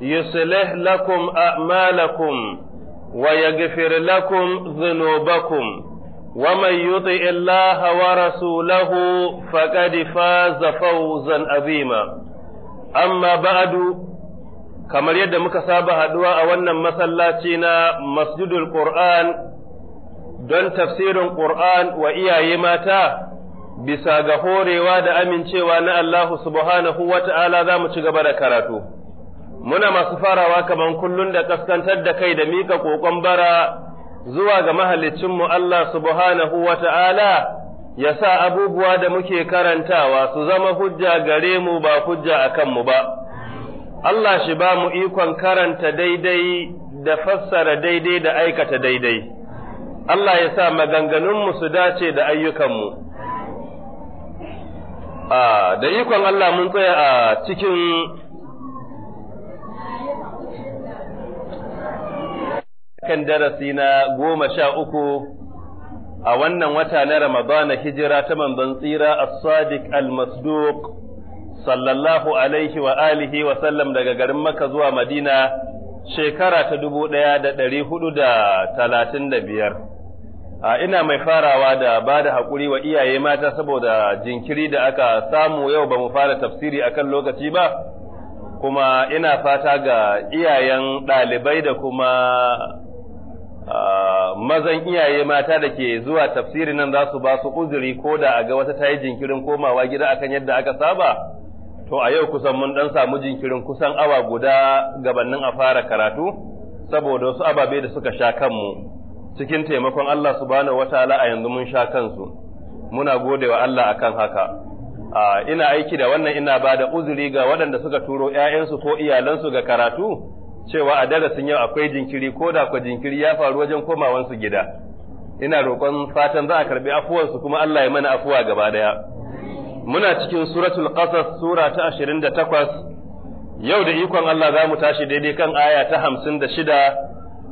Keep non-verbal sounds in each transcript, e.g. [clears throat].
يصلح لكم أعمالكم ويغفر لكم ذنوبكم ومن يطع الله ورسوله فقد فاز فوزا عظيما أما بعد kamar yadda muka saba haɗuwa a wannan masallaci na masjidul don tafsirin Qur'an wa iyaye mata bisa ga horewa da amincewa na Allah subhanahu wa ta'ala za mu ci gaba da karatu. muna masu farawa kaman kullun da kaskantar da kai da mika kokon bara zuwa ga mahaliccinmu Allah subhanahu wa ta'ala ya sa abubuwa da muke karantawa su zama hujja gare mu ba hujja a kanmu ba. Allah shi ba mu ikon karanta daidai da fassara daidai da aikata daidai. Allah ya sa maganganunmu su dace da ayyukanmu. Ah, da ikon Allah mun tsaya a cikin kan darasi na goma sha uku a wannan wata na Ramadana hijira ta manzon tsira as-sadiq al-masduq sallallahu alaihi wa alihi wa sallam daga garin maka zuwa Madina shekara ta dubu ɗaya da ɗari hudu da talatin da biyar. A ina mai farawa da ba da haƙuri wa iyaye mata saboda jinkiri da aka samu yau ba mu fara tafsiri akan lokaci ba, kuma ina fata ga iyayen ɗalibai da kuma Ah, mazan iyaye mata da ke zuwa tafsirin nan za su ba su uzuri ko da a ga wata ta yi jinkirin komawa gida akan yadda aka saba to a yau kusan mun dan samu jinkirin kusan awa guda gabanin a fara karatu saboda wasu ababe da suka sha kanmu cikin taimakon Allah subhanahu wataala a yanzu mun sha kansu muna godewa Allah akan haka ah, ina aiki da wannan ina ba da uzuri ga waɗanda suka turo 'ya'yansu ko iyalansu ga karatu cewa a darasin yau akwai jinkiri ko da kwa jinkiri ya faru wajen komawansu gida ina roƙon fatan za a karɓi afuwansu kuma Allah ya mana afuwa gaba daya muna cikin suratul qasas sura ta 28 yau da ikon Allah za mu tashi daidai kan aya ta 56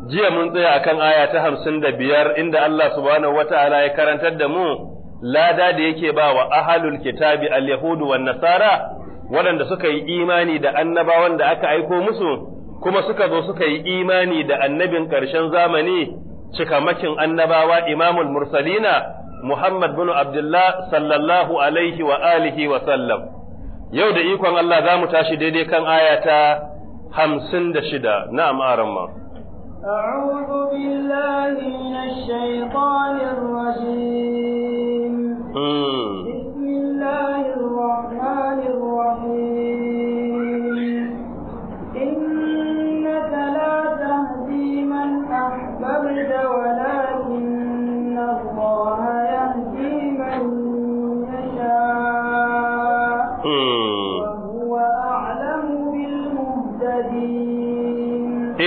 jiya mun tsaya akan aya ta 55 inda Allah subhanahu wataala ya karantar da mu lada da yake ba wa ahalul kitabi al-yahudu wan nasara waɗanda suka yi imani da annabawan da aka aiko musu kuma suka zo suka yi imani da annabin ƙarshen zamani cikamakin annabawa imamul mursalina Muhammad bin Abdullah sallallahu alaihi wa alihi wa sallam yau da ikon Allah za mu tashi daidai kan ayata hamsin da shida na amaran ma. أعوذ بالله من الشيطان الرجيم بسم الله الرحمن الرحيم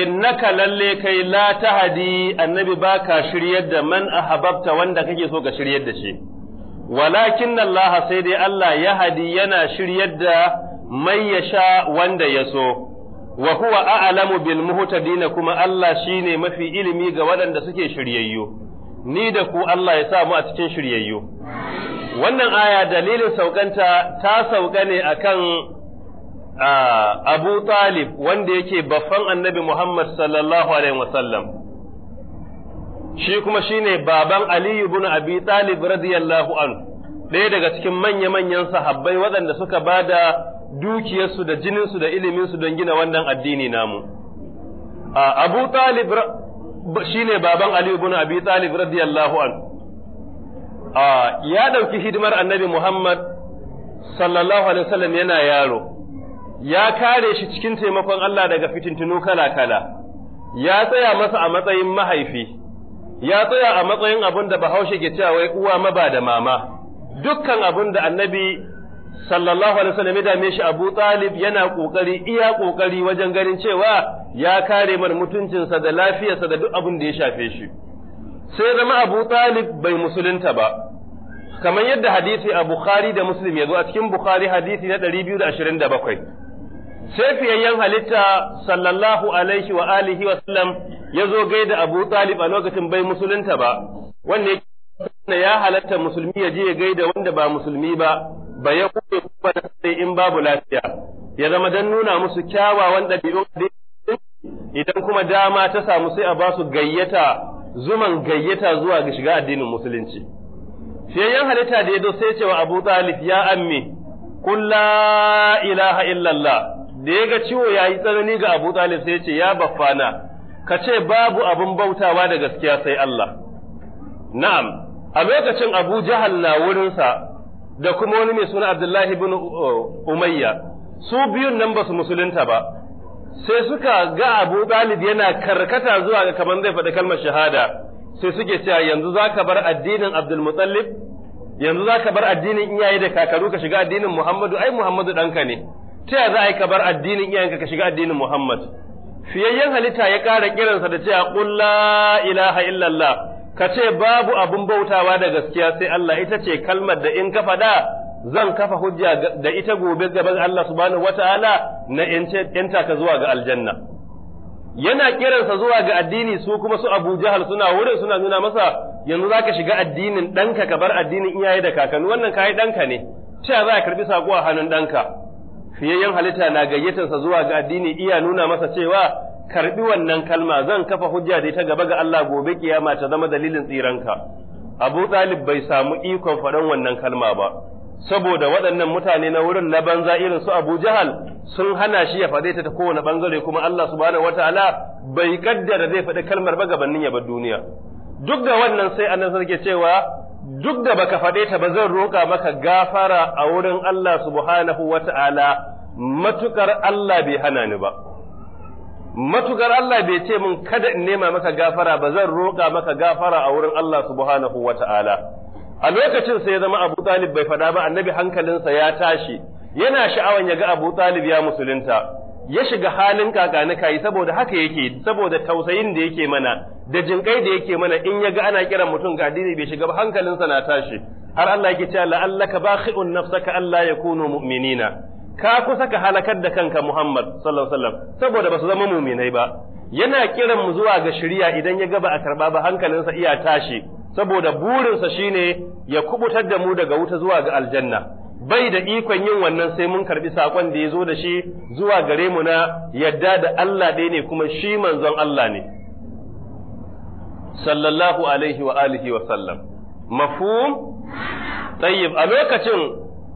innaka lalle kai la tahdi annabi baka shiryar da man ahabbta wanda kake so ka shiryar da shi walakin Allah sai dai Allah ya hadi yana shiryar da mai sha wanda ya so wa huwa a'lamu bil muhtadin kuma Allah shine mafi ilimi ga waɗanda suke shiryayyu ni da ku Allah ya sa mu a cikin shiryayyu wannan aya dalilin saukanta ta sauka ne akan Abu Talib wanda yake baffan annabi Muhammad sallallahu Alaihi wasallam, shi kuma shine baban Aliyu ibn Abi Talib radiyallahu anhu, ɗaya daga cikin manya-manyan sahabbai waɗanda suka ba da dukiyarsu da jininsu da iliminsu don gina wannan addini namu. Abu Talib shine baban Aliyu ibn Abi Talib radiyallahu anhu. Ya ɗauki hidimar annabi Muhammad sallallahu Alaihi wasallam yana yaro. ya kare shi cikin taimakon Allah daga fitintuno kala-kala, ya tsaya masa a matsayin mahaifi, ya tsaya a matsayin abin da bahaushe ke cewa wai uwa maba da mama, dukkan abin da annabi sallallahu alaihi wasallam ya dame shi Abu Talib yana kokari iya kokari wajen ganin cewa ya kare mana mutuncinsa da lafiyarsa da duk abin da ya shafe shi. Sai zama Abu Talib bai musulunta ba, kamar yadda hadisi a Bukhari da Muslim ya zo a cikin Bukhari hadisi na ɗari bakwai. sai fiyayyen halitta sallallahu alaihi wa alihi wa sallam ya zo gaida Abu Talib a lokacin bai musulunta ba wanda yake ya halatta musulmi ya je ya gaida wanda ba musulmi ba ba ya kuma da sai in babu lafiya ya zama dan nuna musu kyawawan ɗabi'un idan kuma dama ta samu sai a basu gayyata zuman gayyata zuwa ga shiga addinin musulunci fiyayyen halitta da ya zo sai cewa Abu Talib ya ammi kulla ilaha illallah da ya ga ciwo ya yi tsanani ga Abu Talib sai ya ce ya baffana ka ce babu abin bautawa da gaskiya sai Allah na'am a lokacin Abu Jahal na wurinsa da kuma wani mai suna Abdullahi bin uh, Umayya su biyun nan ba su musulunta ba sai suka ga Abu Talib yana karkata zuwa ga kamar zai faɗi kalmar shahada sai suke cewa yanzu za ka bar addinin Abdul Muttalib yanzu zaka bar addinin iyaye da kakaru ka shiga addinin Muhammadu ai Muhammadu ɗanka ne ta ya za a yi kabar addinin iyayenka ka shiga addinin Muhammad fiyayyen halitta ya ƙara kiransa da cewa qul la ilaha illallah ka ce babu abun bautawa da gaskiya sai Allah ita ce kalmar da in ka faɗa zan kafa hujja da ita gobe gaban Allah subhanahu wataala na yanta ka zuwa ga aljanna yana kiransa zuwa ga addini su kuma su Abu Jahal suna wurin suna nuna masa yanzu zaka shiga addinin ɗanka ka bar addinin iyaye da kakanni wannan kai danka ne ta za a karbi sako a hannun ɗanka fiyayyen halitta na gayyatar sa zuwa ga addini iya nuna masa cewa karbi wannan kalma zan kafa hujja da ita gaba ga Allah gobe kiyama ta zama dalilin tsiranka Abu Talib bai samu ikon faɗan wannan kalma ba saboda waɗannan mutane na wurin na banza irin su Abu Jahal sun hana shi ya faɗe ta kowane bangare kuma Allah subhanahu wataala bai kaddara zai faɗi kalmar ba gabanin ya bar duniya duk da wannan sai annabi sarki cewa duk da baka faɗe ta ba zan roƙa maka gafara a wurin Allah subhanahu wa ta'ala matukar Allah bai hana ni ba. Matukar Allah bai ce min kada in nema maka gafara ba zan roƙa maka gafara a wurin Allah subhanahu wa ta'ala. A lokacin sai ya zama Abu Talib bai faɗa ba annabi hankalinsa ya tashi yana sha'awan ya ga Abu Talib ya musulunta. ya shiga halin kakani kai saboda haka yake saboda tausayin da yake mana da jinkai da yake mana in yaga ana kiran mutum ga dini bai shiga ba hankalinsa na tashi har Allah yake cewa la'allaka bakhi'un nafsaka ya yakunu mu'minina ka kusa ka halakar da kanka Muhammad sallallahu alaihi wasallam saboda basu zama mu'minai ba yana kiran mu zuwa ga shari'a idan ya ga ba a karba ba hankalinsa iya tashi saboda burinsa shine ya kubutar da mu daga wuta zuwa ga aljanna bai da ikon yin wannan sai mun karbi sakon da ya zo da shi zuwa gare mu na yadda da Allah ɗaya ne kuma shi manzon Allah ne sallallahu alaihi wa alihi wa sallam mafhum tayyib a lokacin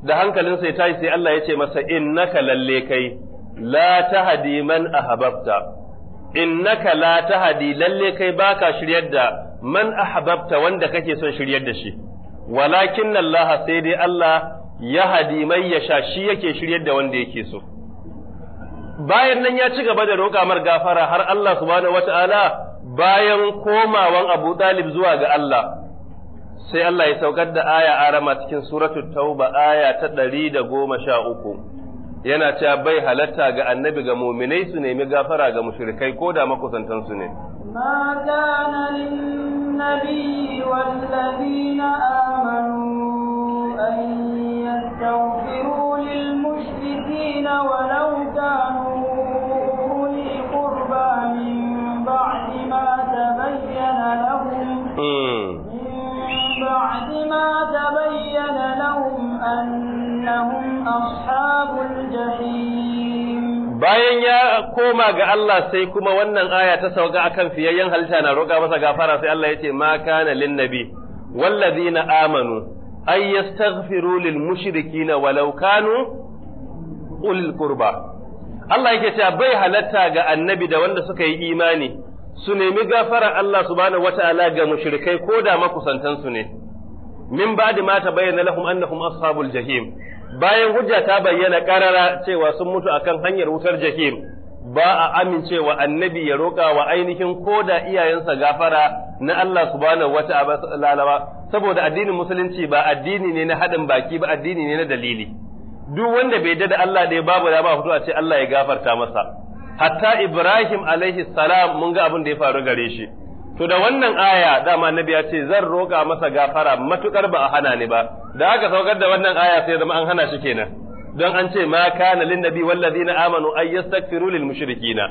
da hankalin ya tashi sai Allah ya ce masa innaka lalle kai la tahdi man ahbabta innaka la tahdi lalle kai baka shiryar da man ahbabta wanda kake son shiryar da shi walakin Allah sai dai Allah Yahadi, mai ya sha shi yake shiryar da wanda yake so bayan nan ya ci gaba da roƙa mar gafara har Allah subhanahu wataala bayan komawan Abu Talib zuwa ga Allah sai Allah ya saukar da aya arama cikin suratul tauba aya ta ɗari da goma sha uku yana cewa bai halatta ga annabi ga muminai su nemi gafara ga mushrikai ko da makusantansu ne ما كان للنبي والذين آمنوا أن واستغفروا للمشركين ولو كانوا أولي قربى من بعد ما تبين لهم من بعد ما تبين لهم الجحيم bayan ya koma ga Allah sai kuma wannan aya ta sauka akan fiyayyen halitta na roƙa masa gafara sai Allah ya ce ma kana lin nabi wallazina amanu ay yastaghfiru lil mushrikina walau kanu ulil qurba Allah yake cewa bai halatta ga annabi da wanda suka yi imani su nemi gafara Allah subhanahu wataala ga mushrikai ko da makusantan su ne min ba'di ma tabayyana lahum annahum ashabul jahim bayan hujja ta bayyana karara cewa sun mutu akan hanyar wutar jahim ba a amincewa annabi ya roƙa wa ainihin koda iyayensa gafara na Allah subhanahu wata'ala ba saboda addinin musulunci ba addini ne na haɗin baki ba addini ne na dalili duk wanda bai da Allah da babu da ba fito a ce Allah ya gafarta masa hatta Ibrahim alaihi salam mun ga abin da ya faru gare shi to da wannan aya dama annabi ya ce zan roƙa masa gafara matukar ba a hana ni ba da aka saukar da wannan aya sai zama an hana shi kenan don an ce ma kana lin nabi na amanu ay yastaghfiru lil mushrikina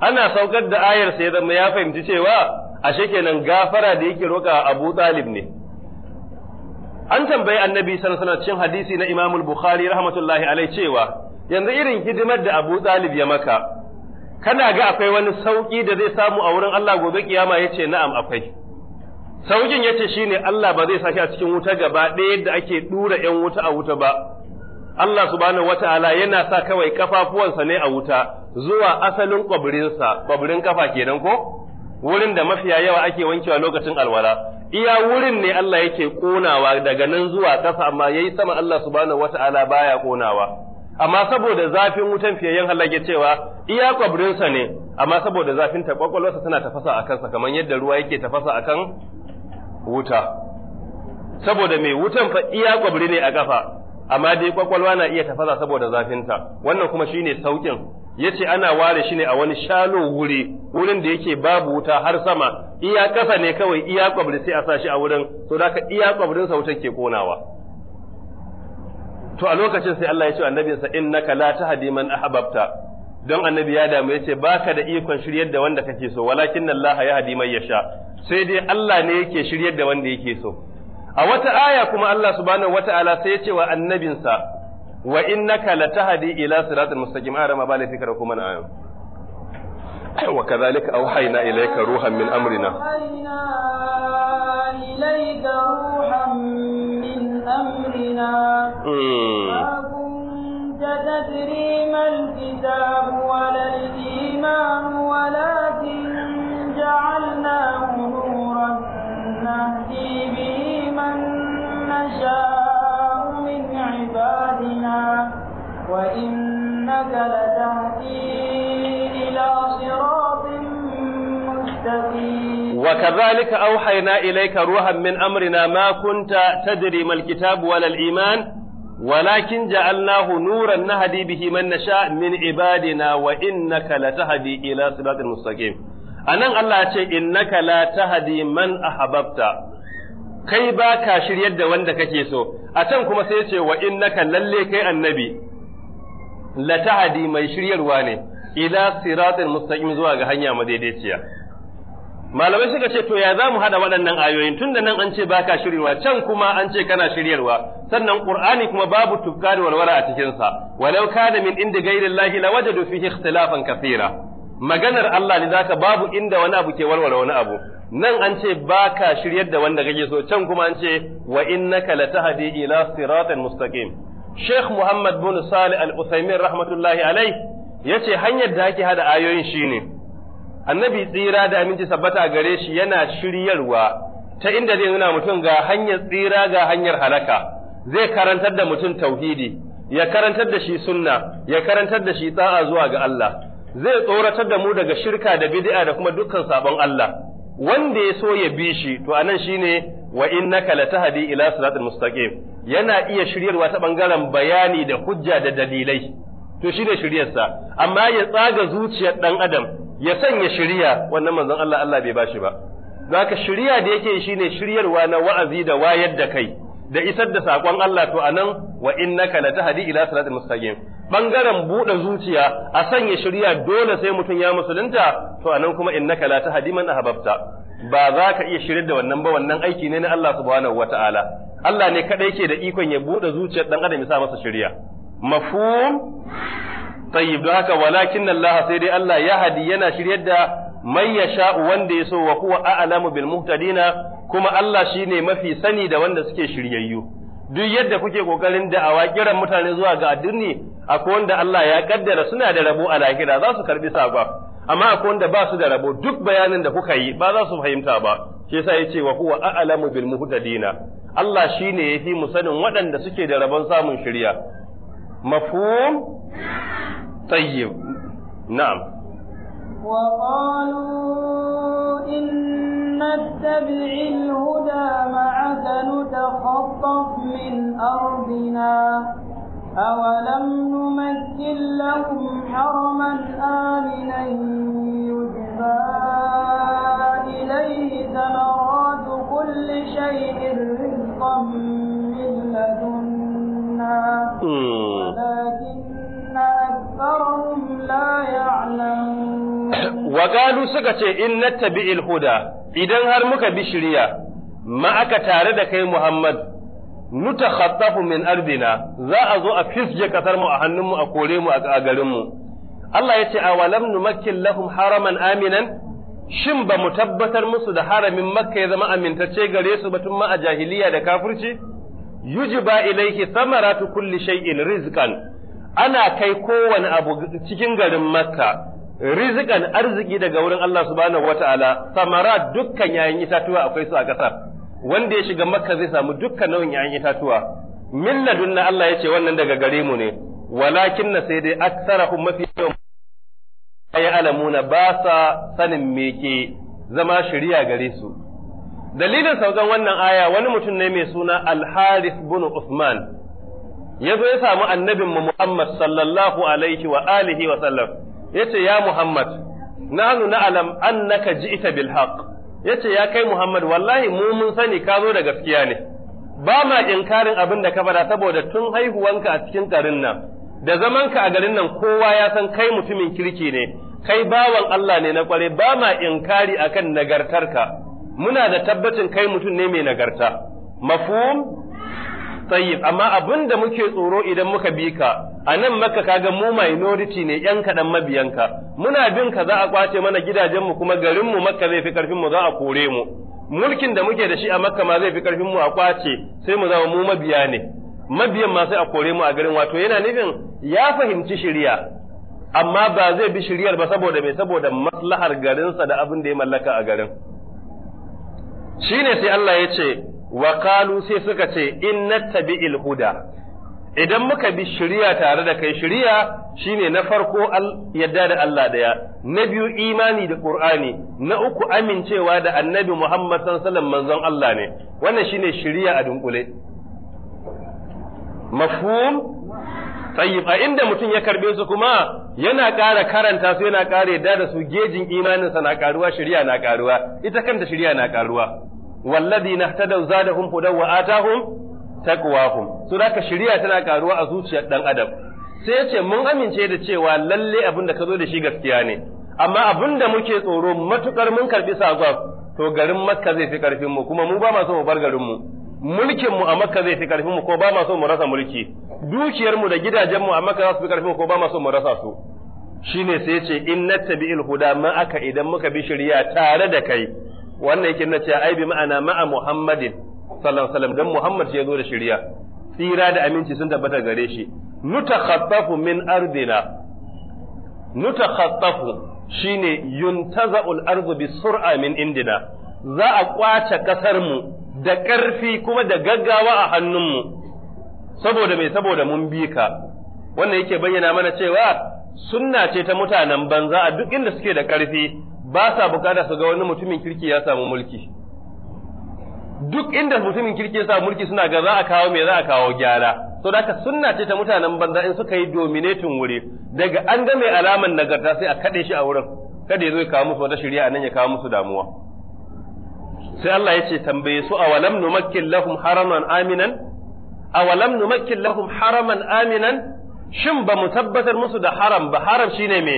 ana saukar da ayar sai zama ya fahimci cewa ashe kenan gafara da yake roka Abu Talib ne an tambayi annabi sallallahu alaihi cin hadisi na Imam al-Bukhari rahmatullahi alaihi cewa yanzu irin hidimar da Abu Talib ya maka kana ga akwai wani sauki da zai samu a wurin Allah gobe kiyama yace na'am akwai saukin yace shine Allah ba zai saki a cikin wuta gaba ɗaya yadda ake dura 'yan wuta a wuta ba Allah subhanahu ta'ala yana sa kawai kafafuwansa ne a wuta zuwa asalin kwabirinsa kwabirin kafa kenan ko wurin da mafiya yawa ake wankewa lokacin alwala iya wurin ne Allah yake konawa daga nan zuwa kasa amma yayi sama Allah subhanahu ta'ala baya konawa amma saboda zafin wutan fiyayyen halage cewa iya kwabirinsa ne amma saboda zafin ta kwakwalwarsa tana tafasa a kansa kamar yadda ruwa yake tafasa akan wuta saboda mai wutan fa iya kwabri ne a kafa amma dai kwakwalwa na iya tafasa saboda zafinta wannan kuma shine saukin yace ana ware shi ne a wani shalo wuri wurin da yake babu wuta har sama iya kasa ne kawai iya kwabri sai a sashi a wurin to da ka iya kwabrin sa wutar ke konawa to a lokacin sai Allah ya ce annabinsa innaka la tahdi man ahbabta don annabi ya damu yace baka da ikon shiryar da wanda kake so walakin Allah ya hadi man yasha sai dai Allah ne yake shiryar da wanda yake so a wata aya kuma Allah subhanahu wata'ala sai ya ce wa annabinsa wa innaka latahdi ila siratal mustaqim ara ma bala fikra kuma na ayo wa kadhalika awhayna ilayka ruhan min amrina ilayka ruhan min amrina تدري ما الكتاب ولا الإيمان ولكن جعلناه نورا نهدي نشاء من عبادنا وإنك لتهدي إلى صراط مستقيم وكذلك أوحينا إليك روحا من أمرنا ما كنت تدري ما الكتاب ولا الإيمان ولكن جعلناه نورا نهدي به من نشاء من عبادنا وإنك لتهدي إلى صراط مستقيم أنا الله ya إنك لا تهدي من أحببت kai ba ka shiryar da wanda kake so a can kuma sai ce wa innaka lalle kai annabi la tahdi mai shiryarwa ne ila siratin mustaqim zuwa ga hanya madaidaiciya malamai suka ce to ya za mu haɗa waɗannan ayoyin tun da nan an ce baka shiryarwa can kuma an ce kana shiryarwa sannan qur'ani kuma babu tufka da walwala a sa walau kana min inda la wajadu fihi ikhtilafan kathira maganar Allah ne zaka babu inda wani abu ke walwala wani abu nan an ce ba ka shiryar da wanda kake so can kuma an ce wa innaka latahdi ila siratal mustaqim Sheikh Muhammad bin Salih Al-Utsaimin rahmatullahi alai yace hanyar da ake hada ayoyin shine Annabi tsira da aminci sabbata gare shi yana shiryarwa ta inda zai nuna mutum ga hanyar tsira ga hanyar halaka zai karantar da mutum tauhidi ya karantar da shi sunna ya karantar da shi tsa'a zuwa ga Allah zai tsoratar da mu daga shirka da bid'a da kuma dukkan sabon Allah wanda ya so ya bi shi to anan shine wa innaka latahdi ila siratal mustaqim yana iya shiryarwa ta bangaren bayani da hujja da dalilai to shine shiryarsa amma ya tsaga zuciyar dan adam ya sanya shiriya wannan manzon Allah Allah bai bashi ba zaka shiriya da yake shine shiryarwa na wa'azi da wayar da kai da isar da sakon Allah to anan wa innaka latahdi ila siratal mustaqim bangaren bude zuciya a sanya shari'a dole sai mutum ya musulunta to anan kuma innaka latahdi man ahbabta ba za ka iya shirin da wannan ba wannan aiki ne na Allah subhanahu wataala Allah ne kadai ke da ikon ya buɗe zuciyar dan adam ya sa masa shari'a mafhum tayyib don haka walakin Allah sai dai Allah ya hadi yana shiryar da man yasha wanda ya so wa huwa a'lamu bil muhtadina kuma Allah shi ne mafi sani da wanda suke shiryayyu duk yadda kuke kokarin awa kiran mutane zuwa ga addini akwai wanda Allah ya kaddara suna da rabo a lahira za su karbi sabon amma akwai wanda ba su da rabo duk bayanin da kuka yi ba za su fahimta ba shi yasa ce wa huwa a'lamu bil muhtadina Allah shi shine yafi mu sanin waɗanda suke da rabon samun shirya mafhum نتبع الهدى معك نتخطف من أرضنا أولم نمثل لهم حرما آمنا يجبى إليه ثمرات كل شيء رزقا من لدنا ولكن أكثرهم لا يعلمون [coughs] وقالوا سكتي إن نتبع الهدى إذن هرمك بشريا da kai Muhammad, nuta nutakhattafu min ardina za a zo a fisje kasar mu a hannun mu a kore mu a Allah mu Allah a awalam numakkin lahum haraman aminan shin ba mu tabbatar musu da haramin makka ya zama amintacce gare su batun ma a jahiliya da kafirci yujba ilayhi thamaratu kulli shay'in rizqan ana kai kowane abu cikin garin Makka rizikan arziki daga wurin Allah subhanahu wataala samara dukkan yayin itatuwa akwai su a ƙasar wanda ya shiga Makka zai samu dukkan nau'in yayin itatuwa min na, Allah ya ce wannan daga gare mu ne walakin na sai dai aksarahum mafi yawan ya alamuna ba sa sanin me ke zama shari'a gare su dalilin saukan wannan aya wani mutum ne mai suna al-Harith bin Uthman ya zo ya samu annabin mu Muhammad sallallahu alaihi wa alihi wa sallam yace ya Muhammad nahnu na'lam annaka ji'ta bil haqq yace ya kai Muhammad wallahi mu mun sani ka zo da gaskiya ne ba ma inkarin abin da ka fada saboda tun haihuwanka a cikin garin nan da zamanka a garin nan kowa ya san kai mutumin kirki ne kai bawan Allah ne na kware ba ma inkari akan nagartarka muna da tabbacin kai mutum ne mai nagarta mafhum tayyib amma abin da muke tsoro idan muka bi ka a nan maka kaga mu minority ne yan kaɗan mabiyanka muna bin ka za a kwace mana gidajenmu kuma garinmu makka zai fi karfin mu za a kore mu mulkin da muke da shi a makka ma zai fi karfin mu a kwace sai mu zama mu mabiya ne mabiyan ma sai a kore mu a garin wato yana nufin ya fahimci shiriya amma ba zai bi shiriyar ba saboda mai saboda maslahar garinsa da abin da ya mallaka a garin shine sai Allah ya ce wa kalu sai suka ce in na tabi ilhuda idan muka bi shari'a tare da kai shari'a shine na farko yadda da Allah daya na biyu imani da Qur'ani na uku amincewa da Annabi Muhammad sallallahu alaihi wasallam manzon Allah ne wannan shine shari'a a dunkule mafhum tayyib a inda mutum ya karbe su kuma yana ƙara karanta su yana ƙara yadda da su gejin imaninsa na ƙaruwa shari'a na ƙaruwa ita kanta shari'a na ƙaruwa wallazi nahtadaw zadahum hudaw wa atahum taqwahum so ka shari'a tana karuwa a zuciyar dan adam sai ya ce mun amince da cewa lalle abin da ka zo da shi gaskiya ne amma abin da muke tsoro matukar mun karbi sagon to garin makka zai fi karfin mu kuma mu ba ma so mu bar garin mu mulkin mu a makka zai fi karfin mu ko ba ma so mu rasa mulki dukiyar mu da gidajen mu a makka za su fi karfin mu ko ba ma so mu rasa su shine sai ya ce in nattabi'il huda ma aka idan muka bi shari'a tare da kai wannan yake nuna cewa ai bi ma'ana ma'a Muhammadin sallallahu alaihi wasallam dan Muhammad ya zo da shari'a tsira da aminci sun tabbata gare shi nutakhaffafu min ardina nutakhaffafu shine yuntaza'ul ardu bi sur'a min indina za a kwace kasar mu da ƙarfi kuma da gaggawa a hannunmu saboda mai saboda mun bi ka wannan yake bayyana mana cewa sunna ce ta mutanen banza a duk inda suke da ƙarfi ba sa bukata su ga wani mutumin kirki ya samu mulki duk inda mutumin kirki ya samu mulki suna ga za a kawo me za a kawo gyara so da sunna ce ta mutanen banza in suka yi dominatin wuri daga an ga alaman nagarta sai a kaɗe shi a wurin kada ya zo ya kawo musu wata shirya nan ya kawo musu damuwa sai Allah ya ce tambaye su awalam numakkin lahum haraman aminan awalam numakkin lahum haraman aminan shin ba mu tabbatar musu da haram ba haram shine me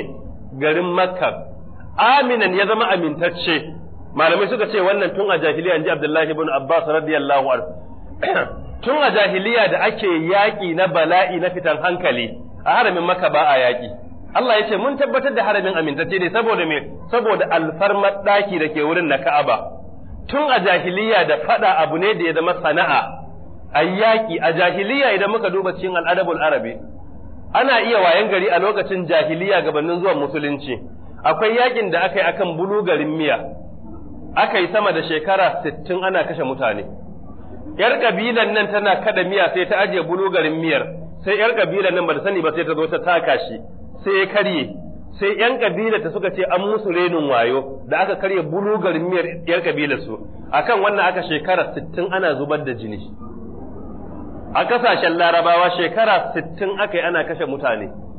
garin makka aminan ya zama amintacce malamai suka ce wannan tun a jahiliya inji Abdullahi ibn Abbas radiyallahu anhu [clears throat] tun a jahiliya da ake yaƙi na bala'i na fitan hankali a haramin maka ba a yaƙi Allah ya ce mun tabbatar da haramin amintacce ne saboda me saboda alfarmar daki da ke wurin na Ka'aba tun a jahiliya da faɗa abu ne da ya zama sana'a a yaƙi a jahiliya idan muka duba cikin al'adabul arabi ana iya wayan gari a lokacin jahiliya gabanin zuwan musulunci akwai yakin da aka yi akan bulu garin miya aka yi sama da shekara sittin ana kashe mutane yar kabilan nan tana kada miya sai ta ajiye bulu garin miyar sai yar kabilan nan ba ta sani ba sai ta zo ta taka shi sai ya karye sai yan kabila ta suka ce an musu renin wayo da aka karye bulu garin miyar yar kabilar su akan wannan aka shekara sittin ana zubar da jini a kasashen larabawa shekara sittin aka yi ana kashe mutane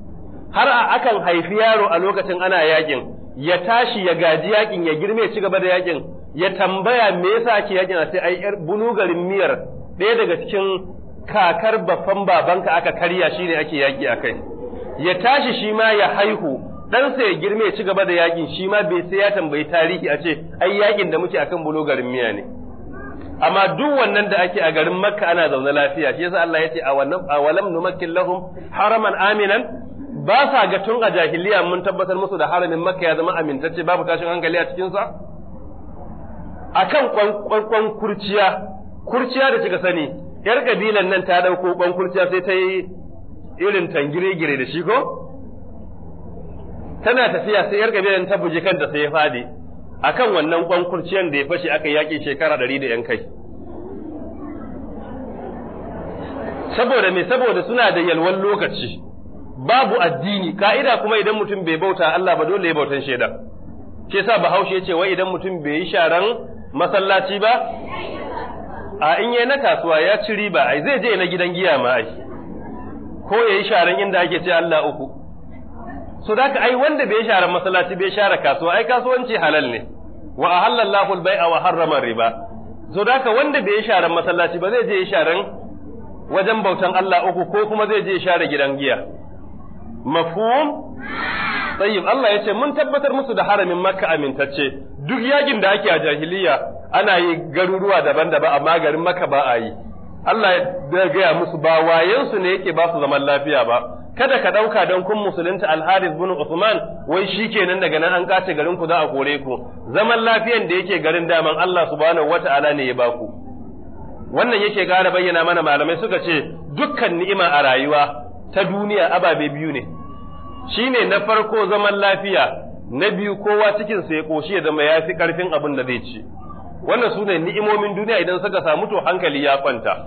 har a akan haifi yaro a lokacin ana yakin ya tashi ya gaji yakin ya girme ci gaba da yakin ya tambaya me yasa ake yakin sai ai yar bunugarin miyar ɗaya daga cikin kakar baffan babanka aka karya shine ake yaki akai ya tashi shi ma ya haihu ɗansa ya girme ci gaba da yakin shi ma bai sai ya tambayi tarihi a ce ai yakin da muke akan bulo garin miya ne amma duk wannan da ake a garin makka ana zaune lafiya shi yasa Allah ya ce a wannan a walam numakkin lahum haraman aminan ba sa ga tun a jahiliya mun tabbatar musu da haramin makka ya zama amintacce babu tashin hankali a cikinsa? A kan kwankwan kurciya, kurciya da kika sani, ‘yar kabilan nan ta ɗauko kwan kurciya sai ta yi irin tangire-gire da shi ko? Tana tafiya sai ‘yar kabilan ta buji kanta sai ya fadi, a kan wannan kwan kurciyan da ya fashe aka yaƙi shekara ɗari da ‘yan kai. Saboda me saboda suna da yalwan lokaci. babu addini ka'ida kuma idan mutum bai bauta Allah ba dole ya bautan shaidan Ke sa bahaushe yace wai idan mutum bai yi sharan masallaci ba a in yi na kasuwa ya ci riba ai zai je na gidan giya ma ai ko yayi sharan inda ake ce Allah uku so da ai wanda bai sharan masallaci bai share kasuwa ai kasuwanci halal ne wa ahallallahu al-bai'a wa harrama riba so da wanda bai sharan masallaci ba zai je sharan wajen bautan Allah uku ko kuma zai je share gidan giya mafhum tayyib Allah ya ce mun tabbatar musu da haramin makka amintacce duk yakin da ake a jahiliya ana yi garuruwa daban-daban amma garin makka ba a yi Allah ya gaya musu ba wayensu ne yake ba su zaman lafiya ba kada ka ɗauka don kun musulunta alharis bin Usman wai shi kenan daga nan an kace garin ku za a kore ku zaman lafiyan da yake garin daman Allah subhanahu wata'ala ne ya baku wannan yake ƙara bayyana mana malamai suka ce dukkan ni'ima a rayuwa ta duniya ababe biyu ne shine na farko zaman lafiya na biyu kowa cikin sai ya koshi ya zama ya fi karfin abin da zai ci wannan su ne ni'imomin duniya idan suka samu to hankali ya kwanta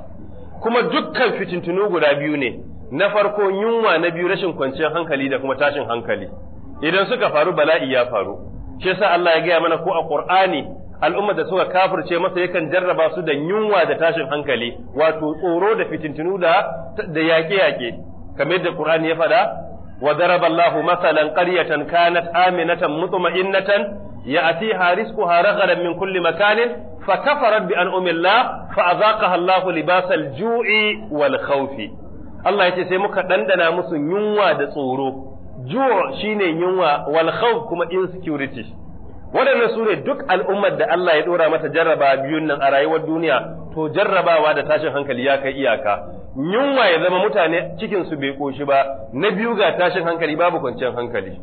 kuma dukkan fitintunu guda biyu ne na farko yunwa na biyu rashin kwanciyar hankali da kuma tashin hankali idan suka faru bala'i ya faru shi yasa Allah ya gaya mana ko a Qur'ani al'umma da suka kafirce masa yakan jarraba su da yunwa da tashin hankali wato tsoro da fitintunu da da yaƙe-yaƙe kamar da Qur'ani ya faɗa wa daraballahu masalan qaryatan kanat aminatan mutma'innatan ya'tiha rizquha raghadan min kulli makanin fa kafarat bi an'amillah fa azaqaha Allahu libasal ju'i wal Allah yace sai muka dandana musu yunwa da tsoro ju' shine yunwa wal khawf kuma insecurity waɗannan su ne duk al'ummar da Allah ya ɗora mata jarraba biyun nan a rayuwar duniya to jarrabawa da tashin hankali ya kai iyaka yunwa ya zama mutane cikin su bai koshi ba na biyu ga tashin hankali babu kwanciyar hankali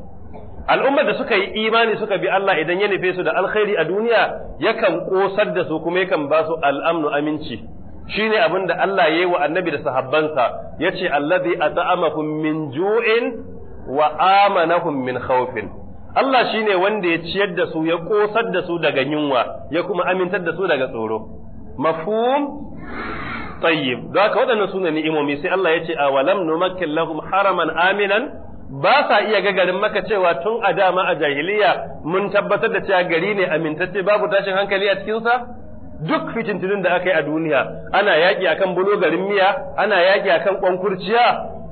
al'ummar da suka yi imani suka bi Allah idan ya nufe su da alkhairi a duniya yakan kosar da su kuma yakan ba su al'amnu aminci shine abin da Allah ya yi wa annabi da sahabbansa ya ce allazi at'amahum min ju'in wa amanahum min khawfin Allah shine wanda ya ciyar da su ya kosar da su daga yunwa ya kuma amintar da su daga tsoro mafhum tayyib don haka waɗannan ne ni'imomi sai Allah ya ce a walam numakkin lahum haraman aminan ba sa iya ga garin maka cewa tun a dama a jahiliya mun tabbatar da cewa gari ne amintacce babu tashin hankali a cikinsa duk fitintunin da aka yi a duniya ana yaƙi akan bulo garin miya ana yaƙi akan kwankurciya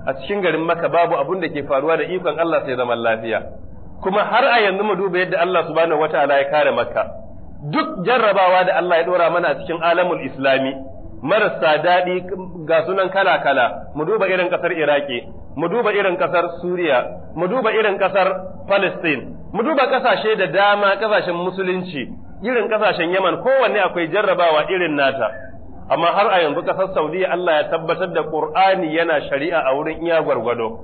a cikin garin maka babu abun da ke faruwa da ikon Allah sai zaman lafiya kuma har a yanzu mu duba yadda Allah subhanahu wataala ya kare maka duk jarrabawa da Allah ya dora mana a cikin alamul islami marasa daɗi ga sunan kala-kala, mu duba irin ƙasar Iraki, mu duba irin ƙasar Suriya, mu duba irin ƙasar Palestine, mu duba ƙasashe da dama ƙasashen musulunci, irin ƙasashen Yaman kowanne akwai jarrabawa irin nata. Amma har a yanzu ƙasar Saudiya Allah ya tabbatar da Ƙur'ani yana shari'a a wurin iya gwargwado.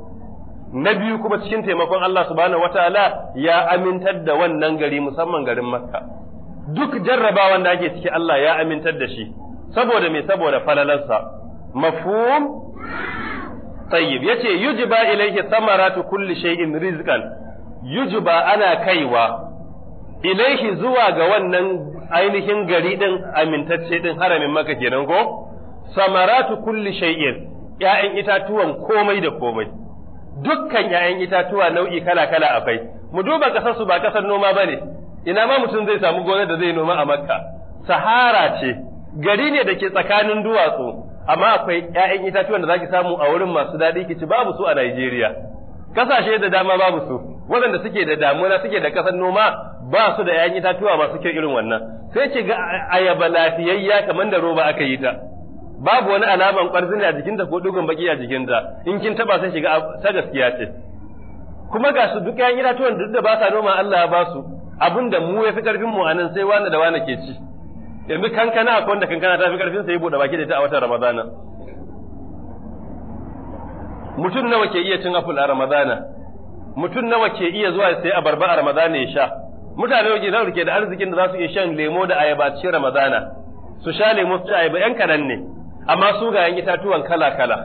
Na biyu kuma cikin taimakon Allah subhanahu wataala ya amintar da wannan gari musamman garin Makka. Duk jarrabawan da ake ciki Allah ya amintar da shi. saboda me saboda falalarsa mafhum tayyib yace yujba ilayhi samaratu kulli shay'in rizqan yujba ana kaiwa ilaihi zuwa ga wannan ainihin gari din amintacce din haramin maka kenan ko samaratu kulli shay'in ‘ya'yan itatuwan komai da komai, dukkan ‘ya'yan itatuwa nau'i kala-kala akwai, mu duba ƙasarsu ba ƙasar noma ba ne, ina ma mutum zai samu gonar da zai noma a Makka, Sahara ce, gari ne da ke tsakanin duwatsu amma akwai 'ya'yan itatuwan da zaki samu a wurin masu daɗi ki ci babu su a Najeriya kasashe da dama babu su waɗanda suke da damuna suke da ƙasar noma ba su da ƴaƴan itatuwa masu kyau irin wannan sai ki ga ayaba lafiyayya kamar da roba aka yi ta babu wani alaman ƙwarzini a jikinta ko dugun baki a jikinta in kin taba sai shiga ta gaskiya ce kuma ga su duk ƴaƴan itatuwan duk da ba sa noma Allah ya ba su abinda mu ya fi karfin mu anan sai wani da wani ke ci yanzu kankana akwai wanda kankana ta fi karfin sa ya bude baki da ita a watan ramadana mutum nawa ke iya cin apple a ramadana mutum nawa ke iya zuwa sai a barba a ramadana ya sha mutane ke da ke da arzikin da za su iya shan lemo da ayaba cikin ramadana su sha lemo su ayaba yan kanan ne amma su ga yan itatuwan kala kala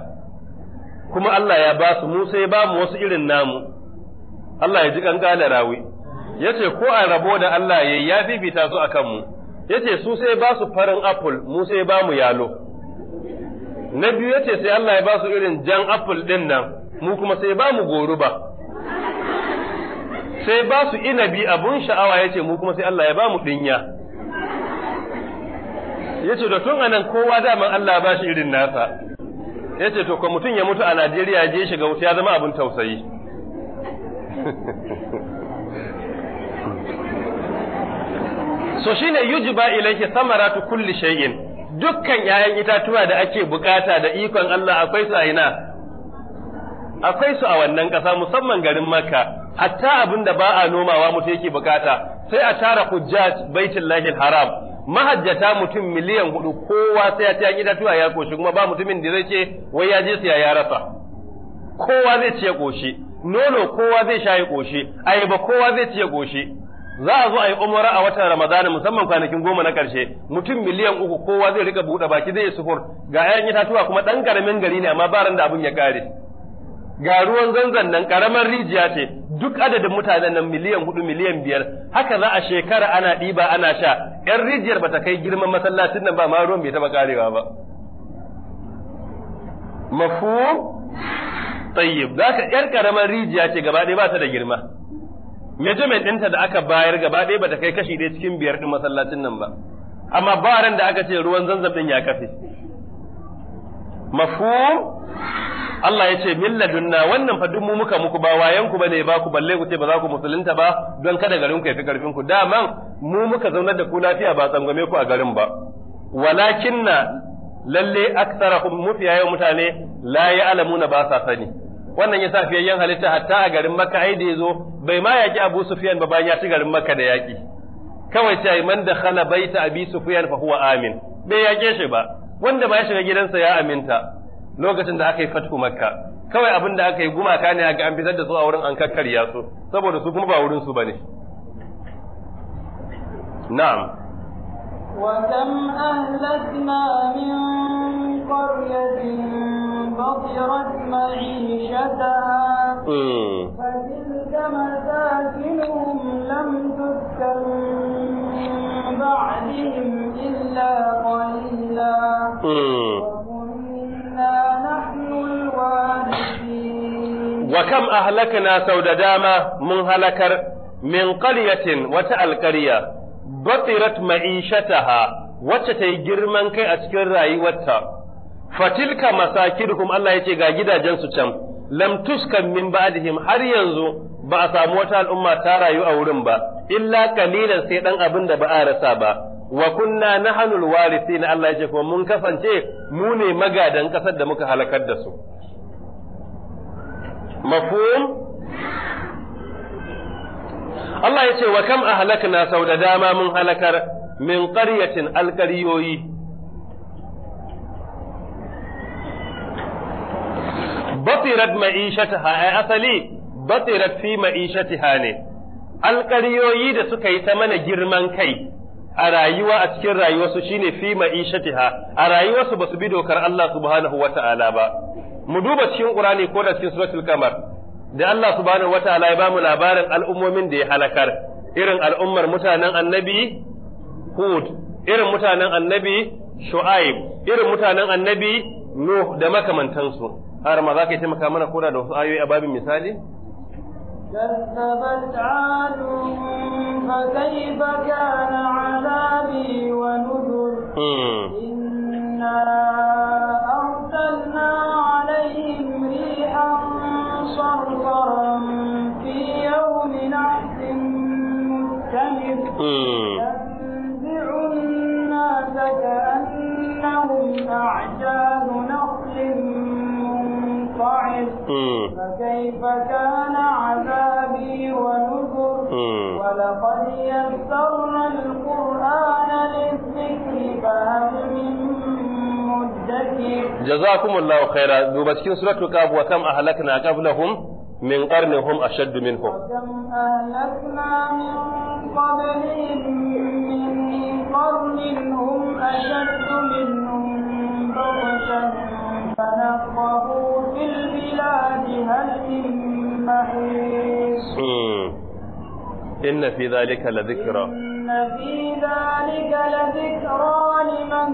kuma Allah ya ba su mu sai ba mu wasu irin namu Allah ya ji kankana rawi yace ko a rabo da Allah yayi ya fifita su akan mu yace su sai ba su farin apple mu sai ba mu yalo na biyu yace sai Allah ya ba su irin jan apple din nan mu kuma sai ba mu goruba sai ba su inabi abun sha'awa yace mu kuma sai Allah ya ba mu dinya yace da tun anan kowa daman Allah ba shi irin nasa yace to ko mutum ya mutu a Najeriya ya je shiga wuta ya zama abun tausayi [laughs] so shine yujba ilayhi samaratu kulli shay'in dukkan 'ya'yan itatuwa da ake bukata da ikon Allah akwai su a ina akwai su a wannan ƙasa musamman garin Makka hatta abin da ba a nomawa mutum yake bukata sai a tara hujjat baitullahi haram mahajjata mutum miliyan hudu kowa sai ya itatuwa ya koshi kuma ba mutumin da zai ce wai ya je siya ya rasa kowa zai ce ya koshi nono kowa zai sha ya ƙoshi. ayaba kowa zai ce ya koshi za a zo a yi umara a watan ramadana musamman kwanakin goma na karshe mutum miliyan uku kowa zai rika buɗe baki zai sufur ga 'ya'yan itatuwa kuma ɗan ƙaramin gari ne amma baran da abin ya ƙare ga ruwan zanzan nan ƙaramar rijiya ce duk adadin mutanen nan miliyan hudu miliyan biyar haka za a shekara ana ɗiba ana sha ‘yan rijiyar ba ta kai girman masallacin nan ba ma ruwan bai taɓa ƙarewa ba mafu tsayyib za ka ‘yar ƙaramar rijiya ce gaba ɗaya ba ta da girma mai ɗinta da aka bayar gaba ɗaya ta kai kashi ɗaya cikin biyar ɗin masallacin nan ba amma ba ran da aka ce ruwan zanzab ɗin ya kafe mafhum Allah ya ce milladunna wannan fa duk mu muka muku ba wayan ku bane ba ku balle ku ce ba za ku musulunta ba don kada garin ku ya fi karfin ku daman mu muka zaunar da ku lafiya ba tsangwame ku a garin ba walakinna lalle aktsarahum mafiya yawan mutane la ya'lamuna ba sa sani wannan ya sa fiyayyen halitta hatta a garin Makka ai da ya zo. bai ma yaƙi Abu Sufyan ba bayan ya ci garin maka da yaƙi. kawai ta man da khala baita Abi Sufyan fa huwa amin bai yaƙe shi ba wanda ba ya shiga gidansa ya aminta lokacin da aka yi fatku Makka kawai abin da aka yi gumaka ne ga an fitar da su a wurin an kakkarya su saboda su kuma ba wurin su bane na'am wa بطرت معيشتها فتلك مساكنهم لم تسكن من بعدهم إلا قليلا وكنا نحن الوارثين وكم أهلكنا سودداما من هلكر من قرية وتأل القرية بطرت معيشتها wacce ta yi girman kai a cikin fatilka masakinukum Allah yace ga gidajen su can lam tuskan min ba'dihim har yanzu ba a samu wata al'umma ta rayu a wurin ba illa kalilan sai dan abin da ba a rasa ba wa kunna nahnul warithin Allah yace kuma mun kasance mu ne magadan kasar da muka halakar da su mafhum Allah yace wa kam ahlakna sau da dama mun halakar min qaryatin alqariyoyi batirat ma'ishataha ai asali batirat fi ma'ishataha ne alƙaryoyi da suka yi ta mana girman kai a rayuwa a cikin rayuwarsu shine fi ma'ishatiha a su basu bi dokar Allah subhanahu wata'ala ba mu duba cikin Qur'ani ko da cikin suratul kamar da Allah subhanahu wata'ala ya bamu labarin al'ummomin da ya halakar irin al'ummar mutanen annabi Hud irin mutanen annabi Shu'aib irin mutanen annabi Nuh da makamantansu harama za ka yi taimaka mana koda da wasu ayoyi a babin misali كذبت عاد فكيف كان عذابي ونذر إنا أرسلنا عليهم ريحا صرصرا في يوم نحس مستمر تنزع الناس كأنهم أعجاز نخل فكيف كان عذابي ونذر ولقد يسرنا القرآن للذكر فهل من مدكر جزاكم الله خيرا دوبا cikin suratul kaf وكم اهلكنا قبلهم من قرن هم أشد منهم وكم أهلكنا من قبلهم من قرن هم أشد منهم بطشا فنقبوا في العذاب هل من محيص إن في ذلك لذكرى إن في ذلك لذكرى لمن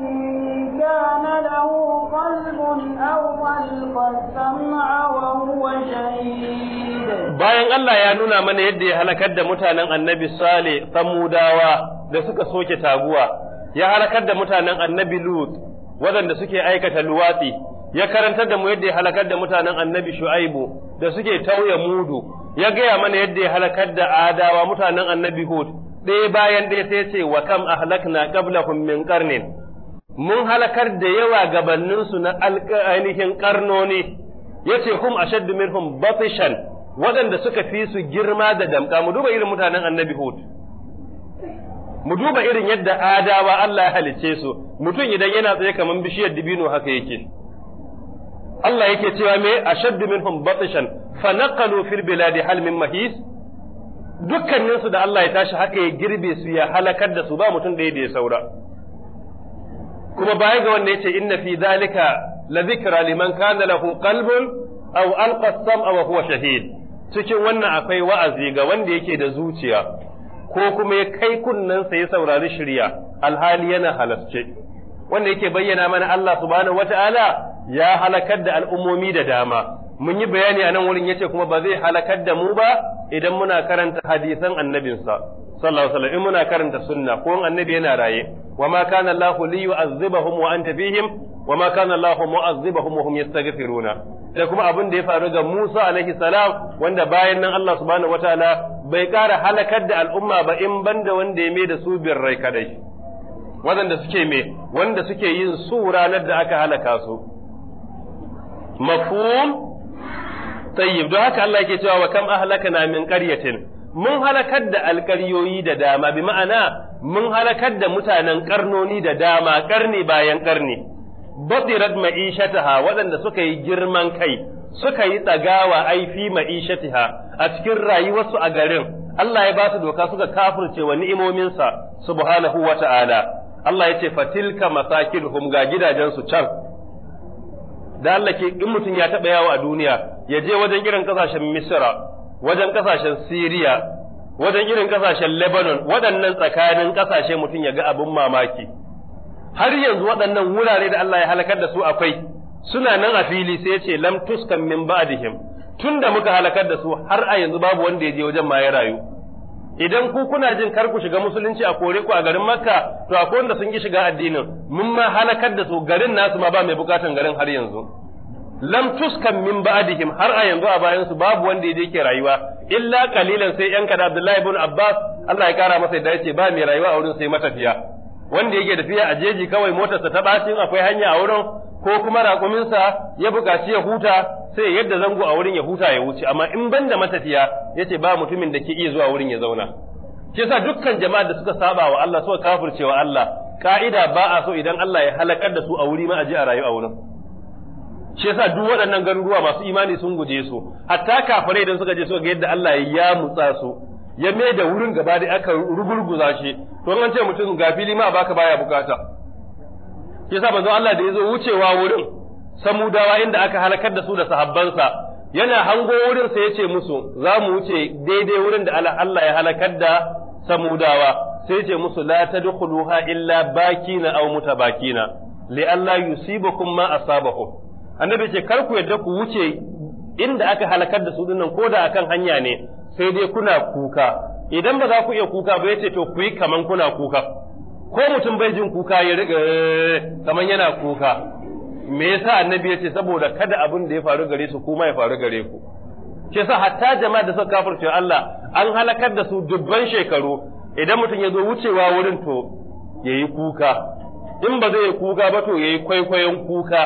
كان له قلب أو ألقى السمع وهو شهيد bayan Allah ya nuna mana yadda ya halakar da mutanen annabi Sale Samudawa da suka soke taguwa ya halakar da mutanen annabi Lut waɗanda suke aikata luwatsi ya karantar da mu yadda ya halakar da mutanen annabi shu'aibu da suke tauye mudu ya gaya mana yadda ya halakar da adawa mutanen annabi hud ɗaya bayan ɗaya sai ce wa kam na qablahum min qarnin mun halakar da yawa gabanin su na ainihin karnoni yace hum ashaddu minhum batishan waɗanda suka fi su girma da damka mu duba irin mutanen annabi hud mu duba irin yadda adawa Allah ya halicce su mutum idan yana tsaye kamar bishiyar dibino haka yake Allah yake cewa me ashaddu minhum batishan fa naqalu fil biladi hal min mahis dukkanin su da Allah ya tashi haka ya girbe su ya halakar da su ba mutum da ya saura kuma baya ga wanda yace inna fi zalika la dhikra liman kana lahu qalbun aw alqa as-sam'a wa huwa shahid cikin wannan akwai wa'azi ga wanda yake da zuciya ko kuma ya kai kunnensa ya saurari shirya alhali yana halasce wanda yake bayyana mana Allah subhanahu wata'ala ya halakar da al'ummomi da dama mun yi bayani a nan wurin yace kuma ba zai halakar da mu ba idan muna karanta hadisan annabinsa sallallahu alaihi wasallam in muna karanta sunna ko in annabi yana raye wa ma kana Allahu li yu'azzibahum wa anta fihim wa ma kana Allahu mu'azzibahum wa hum yastaghfiruna da kuma abin da ya faru ga Musa alaihi salam wanda bayan nan Allah subhanahu wataala bai kara halakar da al'umma ba in banda wanda ya mai da su birrai kadai waɗanda suke me wanda suke yin su ranar da aka halaka su mafhum tayyib don haka Allah yake cewa wa kam ahlakana min qaryatin mun halakar da alƙaryoyi da dama bi ma'ana mun halakar da mutanen karnoni da dama karni bayan karni badirat ma'ishataha waɗanda suka yi girman kai suka yi tsagawa ai fi ma'ishataha a cikin rayuwarsu a garin Allah ya ba su doka suka kafurce wa ni'imominsa subhanahu wa ta'ala Allah ya ce fatilka masakinhum ga gidajensu can da Allah ke in mutum ya taɓa yawo a duniya ya je wajen irin ƙasashen Misra wajen ƙasashen Siriya wajen irin ƙasashen Lebanon waɗannan tsakanin ƙasashe mutum ya ga abin mamaki har yanzu waɗannan wurare da Allah ya halakar da su akwai suna nan a fili sai ce lam tuskan min ba'dihim tunda muka halakar da su har a yanzu babu wanda ya je wajen ma ya rayu idan ku kuna jin kar ku shiga musulunci a kore ku a garin makka to akwai wanda sun ki shiga addinin mun ma halakar da su garin nasu ma ba mai bukatan garin har yanzu lam tuskan min ba'dihim har a yanzu a bayan su babu wanda ya ke rayuwa illa qalilan sai yan kada Abdullahi ibn Abbas Allah ya kara masa da yace ba mai rayuwa a wurin sai matafiya wanda yake tafiya a jeji kawai motarsa ta bacin akwai hanya a wurin ko kuma raƙuminsa ya buƙaci ya huta sai yadda zango a wurin ya huta ya wuce amma in banda matafiya ya ce ba mutumin da ke iya zuwa wurin ya zauna shi yasa dukkan jama'a da suka saba wa Allah suka kafirce wa Allah ka'ida ba a so idan Allah ya halakar da su a wuri ma a je a rayu a wurin shi yasa duk waɗannan garuruwa masu imani sun guje su hatta kafirai idan suka je suka ga yadda Allah ya mutsa su ya mai da wurin gaba da aka rugurguza shi to an ce mutum ga fili ma baka baya bukata yasa banzo Allah da yazo wucewa wurin samudawa inda aka halakar da su da sahabbansa yana hango wurin sa ya musu za mu wuce daidai wurin da Allah ya halakar da samudawa sai ya musu la tadkhuluha illa bakina aw mutabakina li alla yusibakum ma asabahu annabi ce kar ku yadda ku wuce inda aka halakar da su dinnan ko da akan hanya ne sai dai kuna kuka idan ba za ku iya kuka ba yace to ku yi kaman kuna kuka ko mutum bai jin kuka ya riga eh, kaman yana kuka me yasa annabi yace saboda kada abin da ya faru gare su kuma ya faru gare ku Ke sa hatta jama'a da suka kafirce Allah an halakar da su dubban shekaru idan mutum ya zo wucewa wurin to yayi kuka in ba zai kuka ba to yayi kwaikwayon kuka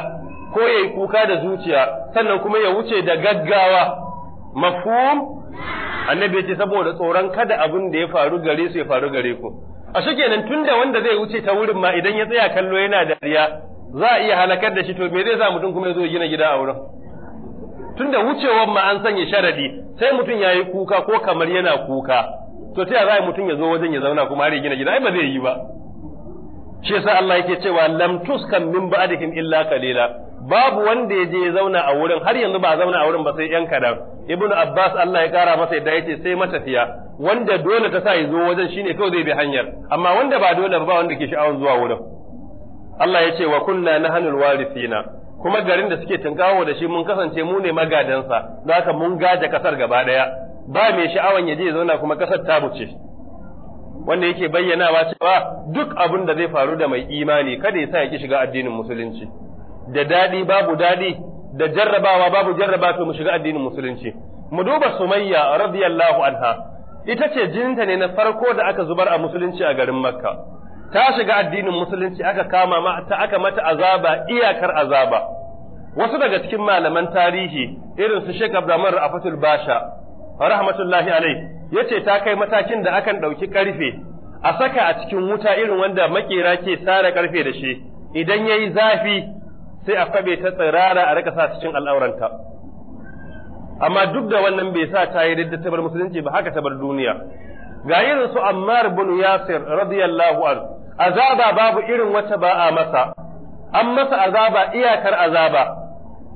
ko yayi kuka da zuciya sannan kuma ya wuce da gaggawa mafhum annabi ya ce saboda tsoron kada abin da ya faru gare su ya faru gare ku a kenan tunda wanda zai wuce ta wurin ma idan ya tsaya kallo yana dariya za a iya halakar da shi to me zai sa mutum kuma ya zo gina gida a wurin tunda wucewar ma an sanya sharadi sai mutum ya yi kuka ko kamar yana kuka to ta za a mutum ya zo wajen ya zauna kuma har ya gina gida ai ba zai yi ba shi yasa Allah yake cewa lam tuskan min ba'dikum illa qalila babu wanda ya je ya zauna a wurin har yanzu ba zauna a wurin ba sai yan kadan ibnu abbas Allah ya kara masa yadda yace sai matafiya wanda dole ta sa ya zo wajen shine kawai zai bi hanyar amma wanda ba dole ba wanda ke sha'awar zuwa wurin Allah ya ce wa kunna nahnul warithina kuma garin da suke tunkawo da shi mun kasance mu ne magadansa don haka mun gaje kasar gaba daya ba mai sha'awan ya je ya zauna kuma kasar ta buce wanda yake bayyanawa cewa duk abin da zai faru da mai imani kada ya sa ya ki shiga addinin musulunci da daɗi babu daɗi da jarrabawa babu jarraba to mu shiga addinin musulunci mu duba sumayya radiyallahu anha ita ce jininta ne na farko da aka zubar a musulunci a garin makka ta shiga addinin musulunci aka kama ma ta aka mata azaba iyakar azaba wasu daga cikin malaman tarihi irin su Sheikh Abdulrahman Rafatul Basha rahmatullahi alai yace ta kai matakin da akan ɗauki karfe a saka a cikin wuta irin wanda makera ke sare karfe da shi idan yayi zafi sai a faɓe ta tsirara a rika sa cikin al'auranta amma duk da wannan bai sa ta yi ta bar musulunci ba haka ta bar duniya ga irin su Ammar bin Yasir radiyallahu an azaba babu irin wata ba a masa an masa azaba iyakar azaba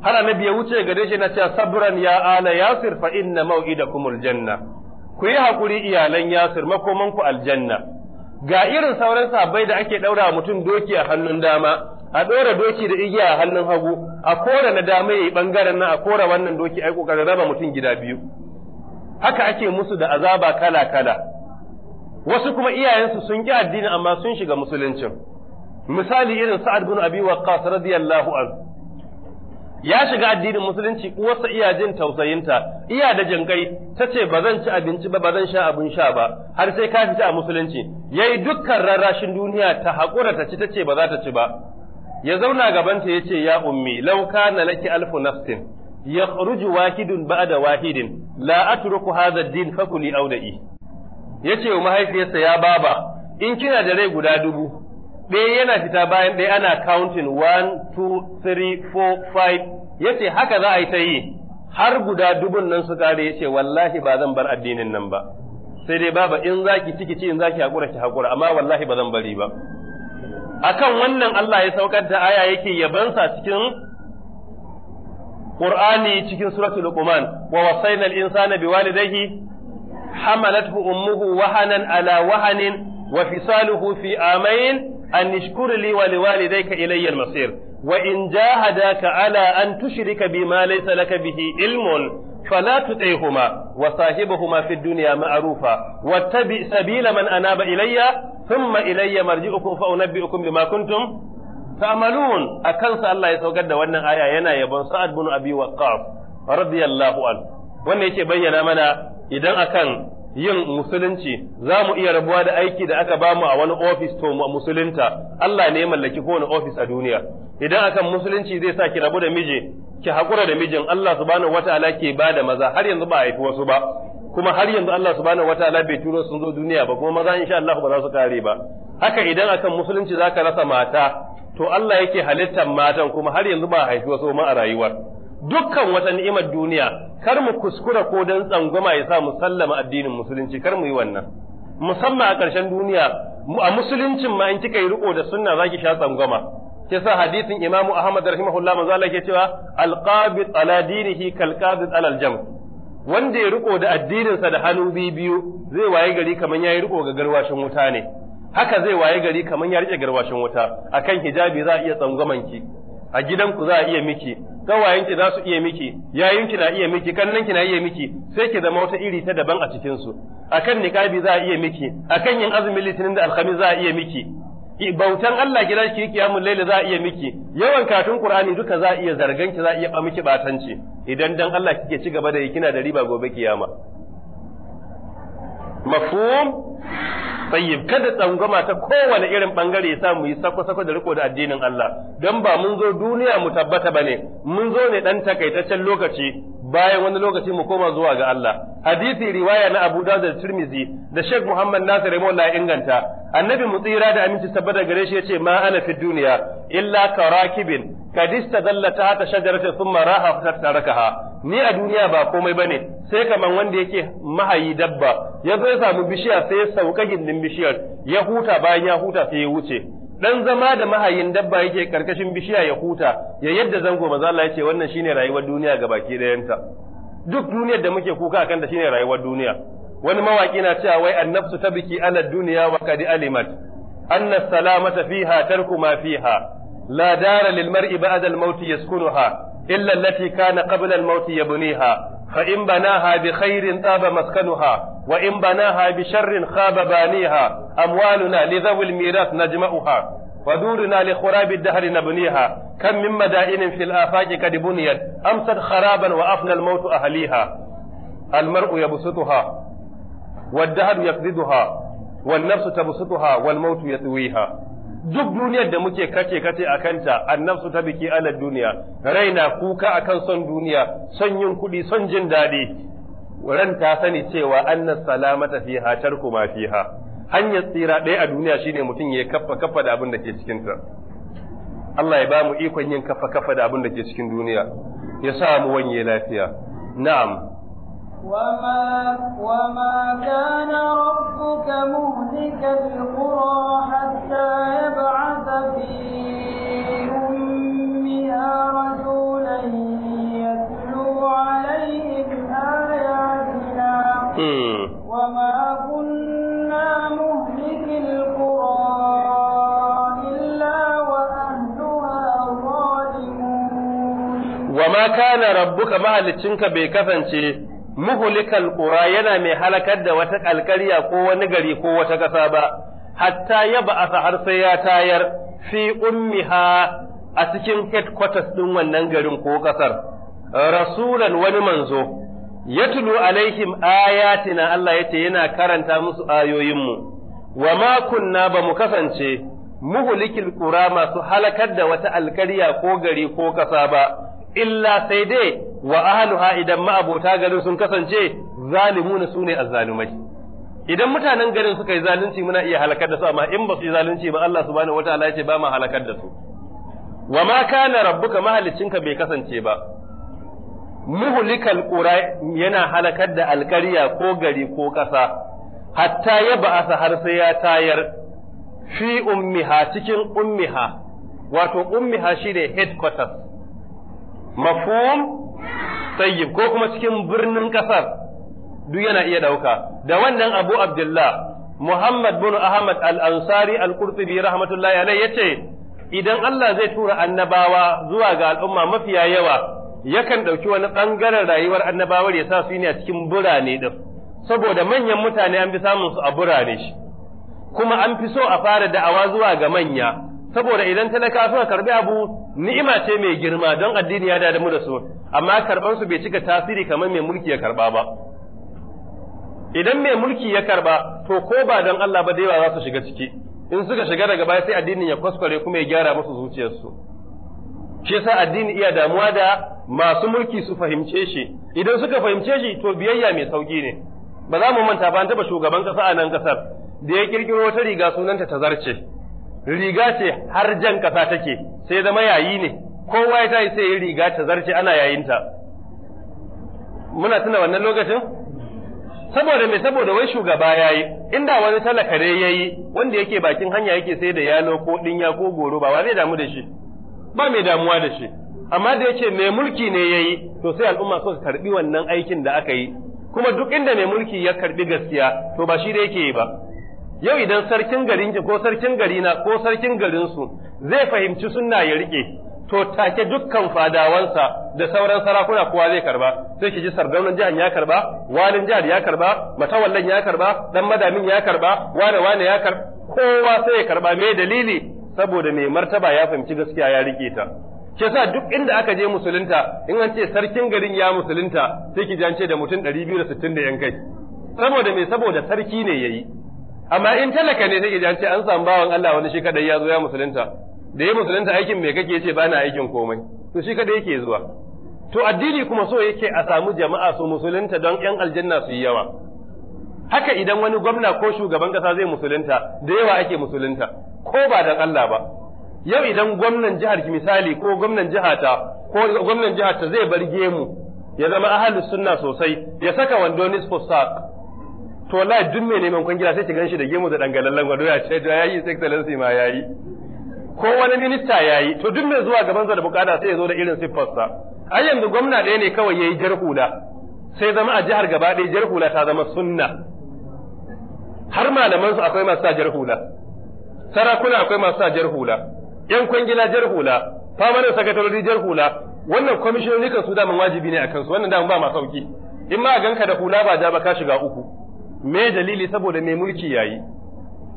har annabi ya wuce gare shi na cewa sabran ya ala yasir fa inna mau'idakumul janna ku yi hakuri iyalan yasir makoman ku aljanna ga irin sauran sabai da ake daura mutum doki a hannun dama a ɗora doki da igiya a hannun hagu a kora na dama yayi bangaren nan a kora wannan doki ai kokarin raba mutum gida biyu haka ake musu da azaba kala kala wasu kuma iyayensu sun ki addini amma sun shiga musuluncin misali irin sa'ad bin abi waqqas radiyallahu anhu ya shiga addinin musulunci uwarsa iya jin tausayinta iya da jinkai ta ce ba zan ci abinci ba ba zan sha abin sha ba har sai ka fita a musulunci yayi dukkan rarrashin duniya ta haƙura ta ci ta ce ba za ta ci ba ya zauna gabanta ya ce ya ummi law kana laki alfu nafsin yakhruju wahidun ba'da wahidin la atruku hadha ad-din fakuli awda'i yace wa mahaifiyarsa ya baba in kina da rai guda dubu ɗaya yana fita bayan ɗaya ana counting one two three four five yace haka za a yi ta yi har guda dubun nan su kare yace wallahi ba zan bar addinin nan ba sai dai baba in zaki ciki ci in zaki hakura ki hakura amma wallahi ba zan bari ba akan wannan Allah ya saukar da aya yake yabansa cikin Qur'ani cikin suratul Luqman wa wasainal insana biwalidayhi hamalathu ummuhu wahanan ala wahanin wa fisaluhu fi amayn an nishkur li wa liwalidayka ilayya al-masir wa in jahadaka ala an tushrika bima laysa laka bihi ilmun fala tuṭihuma wa sahibuhuma fid dunya ma'rufa wattabi sabila man anaba ilayya thumma ilayya marji'ukum fa unabbi'ukum bima kuntum ta'malun akan sa Allah ya saukar da wannan aya yana yabon Sa'ad bin Abi Waqqas radiyallahu anhu wannan yake bayyana mana idan akan yin musulunci za mu iya rabuwa da aiki da aka bamu a wani ofis to musulunta Allah ne ya mallaki kowane ofis a duniya idan akan musulunci zai sa ki rabu da miji ki hakura da mijin Allah subhanahu wataala ke ba da maza har yanzu ba a haifi wasu ba kuma har yanzu Allah subhanahu wataala bai turo sun zo duniya ba kuma maza insha Allah ba za su kare ba haka idan akan musulunci zaka rasa mata to Allah yake halittar matan kuma har yanzu ba a haifi wasu ma a rayuwar dukkan wata ni'imar duniya kar mu kuskura ko dan tsangwama ya sa mu sallama addinin musulunci kar mu yi wannan musamman a ƙarshen duniya a musuluncin ma in kika yi riko da sunna zaki sha tsangwama ke sa hadisin imamu ahmad rahimahullah manzo Allah ke cewa alqabid ala dinihi kalqabid ala aljam wanda ya riko da addininsa da hannu biyu zai waye gari kaman yayi riko ga garwashin wuta ne haka zai waye gari kaman ya rike garwashin wuta akan hijabi za a iya tsangwamanki a gidanku za a iya miki ki za su iya miki yayinki na iya miki ki na iya miki sai ki zama wata iri ta daban a cikin su akan niqabi za a iya miki akan yin azumin litinin da alhamis za a iya miki bautan Allah gida ki kiyamun laila za a iya miki yawan katun Qur'ani duka za a iya zargan ki za a iya miki batanci idan dan Allah kike ci gaba da yi kina da riba gobe kiyama mafhum tayyib kada tsangwama ta kowane irin bangare ya mu yi sako sako da riko da addinin Allah dan ba mun zo duniya mu tabbata bane mun zo ne dan takaitaccen lokaci bayan wani lokaci mu koma zuwa ga Allah hadisi riwaya na Abu Dawud da Tirmidhi da Sheikh Muhammad Nasir na inganta annabi Mutsira da aminci tabbata gare shi yace ma ana fi duniya illa karakibin kadista istadalla ta ta shajaratin thumma raha fatarakaha ni a duniya ba komai bane sai kaman wanda yake mahayi dabba ya ya samu bishiya sai ya sauka gindin bishiyar ya huta bayan ya huta sai ya wuce dan zama da mahayin dabba yake karkashin bishiya ya huta ya yadda zango maza Allah ce wannan shine rayuwar duniya ga baki dayanta duk duniyar da muke kuka akan da shine rayuwar duniya wani mawaki na cewa wai annafsu biki ala duniyawa wa qad alimat anna salamata fiha tarku ma fiha la dara lil mar'i ba'da al-maut yaskunuha illa allati kana qabla al-maut yabniha فإن بناها بخير طاب مسكنها وإن بناها بشر خاب بانيها أموالنا لذوي الميراث نجمعها ودورنا لخراب الدهر نبنيها كم من مدائن في الآفاق قد بنيت أمست خرابا وأفنى الموت أهليها المرء يبسطها والدهر يكذدها والنفس تبسطها والموت يطويها duk duniyar da muke kace kace a kanta annabsu ta biki ala duniya raina kuka akan son duniya son yin kuɗi son jin daɗi ran ta sani cewa annas salamata fiha tarku ma fiha hanyar tsira ɗaya a duniya shine mutum ya kaffa kaffa da abin da ke cikin ta Allah ya ba mu ikon yin kaffa kaffa da abin da ke cikin duniya ya sa mu wanye lafiya na'am وما, وما كان ربك مهلك القرى حتى يبعث في أمها رسولا يتلو عليهم آياتنا وما كنا مهلك القرى إلا وأهلها ظالمون وما كان ربك مهلك bai muhlikal qura yana mai halakar da wata alƙarya ko wani gari ko wata ƙasa ba hatta ya ba'asa har sai ya tayar fi ummiha a cikin headquarters ɗin wannan garin ko ƙasar rasulan wani manzo ya tulu alaihim ayatina Allah yace yana karanta musu ayoyinmu wa ma kunna ba mu kasance muhlikil qura masu halakar da wata alkariya ko gari ko ƙasa ba illa sai dai wa ahluha idan ma'abota garin sun kasance zalimuna sune azzalumai idan mutanen garin suka yi zalunci muna iya halakar da su amma in ba su yi zalunci ba Allah subhanahu wataala yace ba ma halakar da su wa ma kana rabbuka ka bai kasance ba muhlikal qura yana halakar da alƙarya ko gari ko ƙasa hatta ya ba'asa har sai ya tayar fi ummiha cikin ummiha wato ummiha shine headquarters mafhum tayyib ko kuma cikin birnin kasar duk yana iya dauka da wannan Abu Abdullah Muhammad bin Ahmad al-Ansari al-Qurtubi rahmatullahi alayhi yace idan Allah zai tura annabawa zuwa ga al'umma mafiya yawa yakan dauki wani bangaren rayuwar annabawar ya sa su ne a cikin burane din saboda manyan mutane an fi samun su a burane shi kuma an fi so a fara da'awa zuwa ga manya saboda idan talaka suka karbi abu ni'ima ce mai girma don addini ya mu da su amma karban su bai cika tasiri kamar mai mulki ya karba ba idan mai mulki ya karba to ko ba don Allah ba da yawa za su shiga ciki in suka shiga daga baya sai addinin ya kwaskware kuma ya gyara musu zuciyarsu shi yasa addini iya damuwa da masu mulki su fahimce shi idan suka fahimce shi to biyayya mai sauki ne ba za mu manta ba an taba shugaban kasa a nan kasar da ya kirkiro wata riga sunanta tazarce riga ce har jan ƙasa take sai zama yayi ne kowa ya tayi sai riga ta zarce ana yayinta muna tuna wannan lokacin saboda me saboda wai shugaba yayi inda wani talaka ne yayi wanda yake bakin hanya yake sai da yalo ko dinya ko goro ba zai damu da shi ba mai damuwa da shi amma da yake mai mulki ne yayi to sai al'umma su karbi wannan aikin da aka yi kuma duk inda mai mulki ya karbi gaskiya to ba shi da yake yi ba yau idan sarkin garin ko sarkin garina ko sarkin garinsu zai fahimci sunna ya rike to take dukkan fadawansa da sauran sarakuna kowa zai karba sai ki ji sardaunan jihar ya karba walin jihar ya karba matawallan ya karba dan madamin ya karba wane wane ya karba kowa sai ya karba me dalili saboda mai martaba ya fahimci gaskiya ya rike ta ke sa duk inda aka je musulunta in an ce sarkin garin ya musulunta sai ki ce da mutum 260 da yan kai saboda me saboda sarki ne yayi amma in talaka ne sai idan ce an samu bawan Allah wani shi kadai ya zo ya musulunta da ya musulunta aikin me kake ba bana aikin komai to shi kadai yake zuwa to addini kuma so yake a samu jama'a su musulunta don yan aljanna su yi yawa haka idan wani gwamna ko shugaban kasa zai musulunta da yawa ake musulunta ko ba dan Allah ba yau idan gwamnan jihar misali ko gwamnan jihata ko gwamnan ta zai bar gemu ya zama ahlus sunna sosai ya saka wando nisfu saq to la duk mai neman kwangila sai ki ganshi da gemu da dangalallan gwado ya ce ya yi excellency ma ya yi ko wani minista ya yi to duk mai zuwa gabansa da bukata sai ya zo da irin siffarsa ai yanzu gwamna ɗaya ne kawai yayi jar hula sai zama a jihar gaba ɗaya jar ta zama sunna har malaman su akwai masu sa jar hula sarakuna akwai masu sa jar hula yan kwangila jar hula famanin sakatarori jar hula wannan kwamishinan kan su daman wajibi ne a kansu wannan daman ba ma sauki in ma ganka da hula ba ja ba ka shiga uku me dalili saboda mai mulki yayi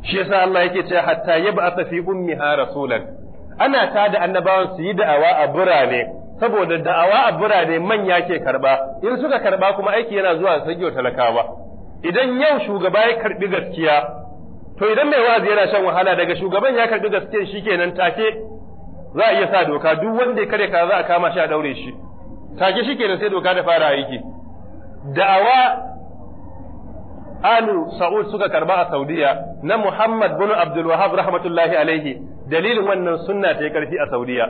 shi yasa Allah yake cewa hatta yab'atha fi ummiha rasulan ana tada annabawan su yi da'awa a birane saboda da'awa a burane manya ke karba in suka karba kuma aiki yana zuwa sagiyo talakawa idan yau shugaba ya karbi gaskiya to idan mai wazi yana shan wahala daga shugaban ya karbi gaskiyar shikenan take za a iya sa doka duk wanda ya kare ka za a kama shi a daure shi take shikenan sai doka da fara aiki da'awa alu sa'ud suka karba a saudiya na muhammad bin abdul wahab rahmatullahi alaihi dalilin wannan sunna ta yi karfi a saudiya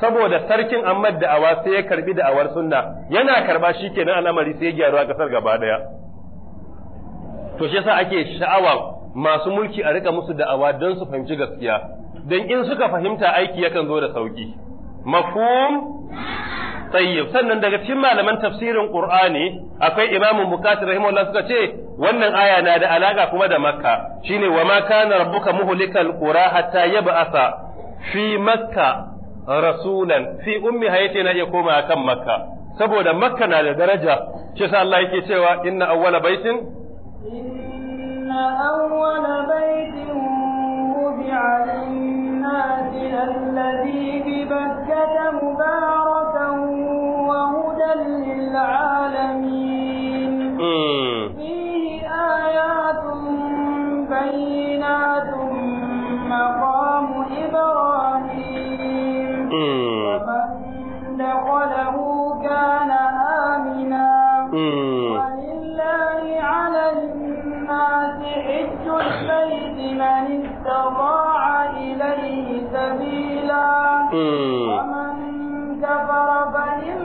saboda sarkin Ahmad da awa sai ya karbi da awar sunna yana karba kenan al'amari sai ya gyaru a kasar gaba daya to shi yasa ake sha'awa masu mulki a rika musu da'awa don su fahimci gaskiya don in suka fahimta aiki yakan zo da sauki mafhum tayyib sannan daga cikin malaman tafsirin qur'ani akwai imamu bukati rahimahullah suka ce wannan aya na da alaka kuma da makka shine wa ma kana rabbuka muhlikal qura hatta yab'atha fi makka rasulan fi ummi hayati na iya koma kan makka saboda makka na da daraja shi sa Allah yake cewa inna awwala baitin inna awwala baitin wudi'a lin-nasi alladhi bi للعالمين فيه آيات بينات مقام إبراهيم ومن دخله كان آمنا ولله على الناس حج البيت من استطاع إليه سبيلا ومن كفر فإن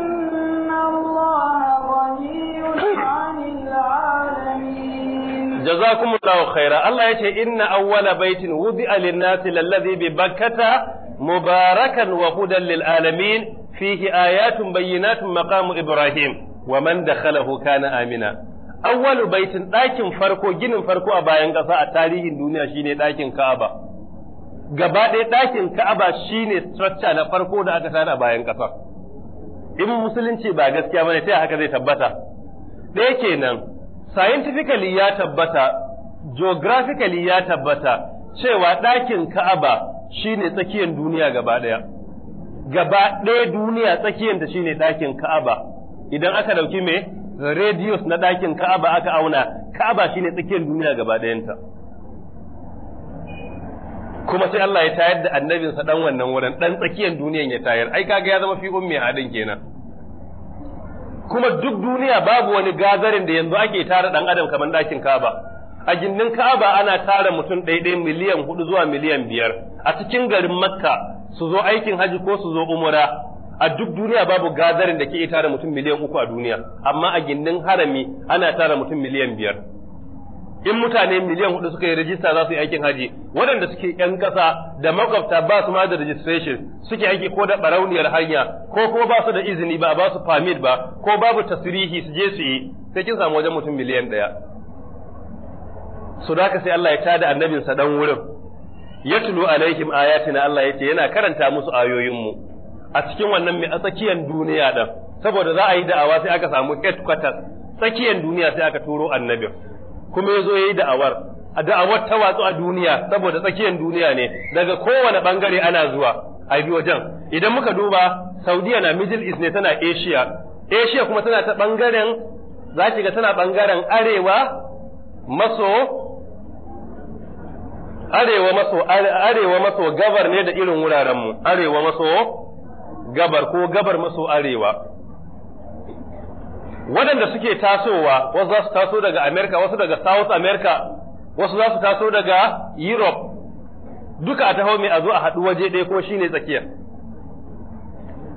jazakumullahu khaira Allah ya ce inna awwala baitin wudi'a lin-nasi lalladhi bi Bakkata mubarakan wa hudan lil alamin fihi ayatun bayyinatun maqamu Ibrahim wa man dakhalahu kana amina awwalu baitin ɗakin farko ginin farko a bayan ƙasa a tarihin duniya shine ɗakin Ka'aba gaba ɗaya ɗakin Ka'aba shine structure na farko da aka tana a bayan ƙasa in musulunci ba gaskiya bane sai haka zai tabbata ɗaya kenan scientifically ya tabbata geographically ya tabbata cewa ɗakin Ka'aba shine tsakiyar duniya gaba ɗaya gaba ɗaya duniya tsakiyar shine ɗakin Ka'aba idan aka ɗauki me radius na ɗakin Ka'aba aka auna Ka'aba shine tsakiyar duniya gaba ɗayanta kuma sai Allah ya tayar da annabinsa ɗan wannan wurin ɗan tsakiyar duniyan ya tayar ai kaga ya zama fi ummi hadin kenan kuma duk duniya babu wani gazarin da yanzu ake tara dan adam kamar dakin kaba. a gindin kaba ana tara mutum ɗaiɗai miliyan hudu zuwa miliyan biyar a cikin garin Makka su zo aikin haji ko su zo umura a duk duniya babu gazarin da ke tara mutum miliyan uku a duniya amma a gindin harami ana tara mutum miliyan biyar in mutane miliyan hudu suka yi rajista za su yi aikin haji waɗanda suke yan ƙasa da makwabta ba su ma da registration suke aiki ko da barauniyar hanya ko ko ba su da izini ba ba su permit ba ko babu tasirihi su je su yi sai kin samu wajen mutum miliyan ɗaya su da sai Allah ya tada annabinsa dan wurin ya tulu alaihim ayatina Allah ya ce yana karanta musu ayoyinmu a cikin wannan mai tsakiyar duniya ɗan saboda za a yi da'awa sai aka samu headquarters tsakiyar duniya sai aka turo annabin kuma ya zo ya yi da'awar a da'awar ta watsu a duniya saboda tsakiyar duniya ne daga kowane bangare ana zuwa a bi wajen idan muka duba saudiya na middle east ne tana asia asia kuma tana ta bangaren za ki ga tana bangaren arewa maso arewa maso arewa maso gabar ne da irin wurarenmu arewa maso gabar ko gabar maso arewa waɗanda suke tasowa wasu za su taso daga Amerika wasu daga South America wasu za su taso daga Europe duka a taho mai a zo a haɗu waje ɗaya ko shi ne tsakiyar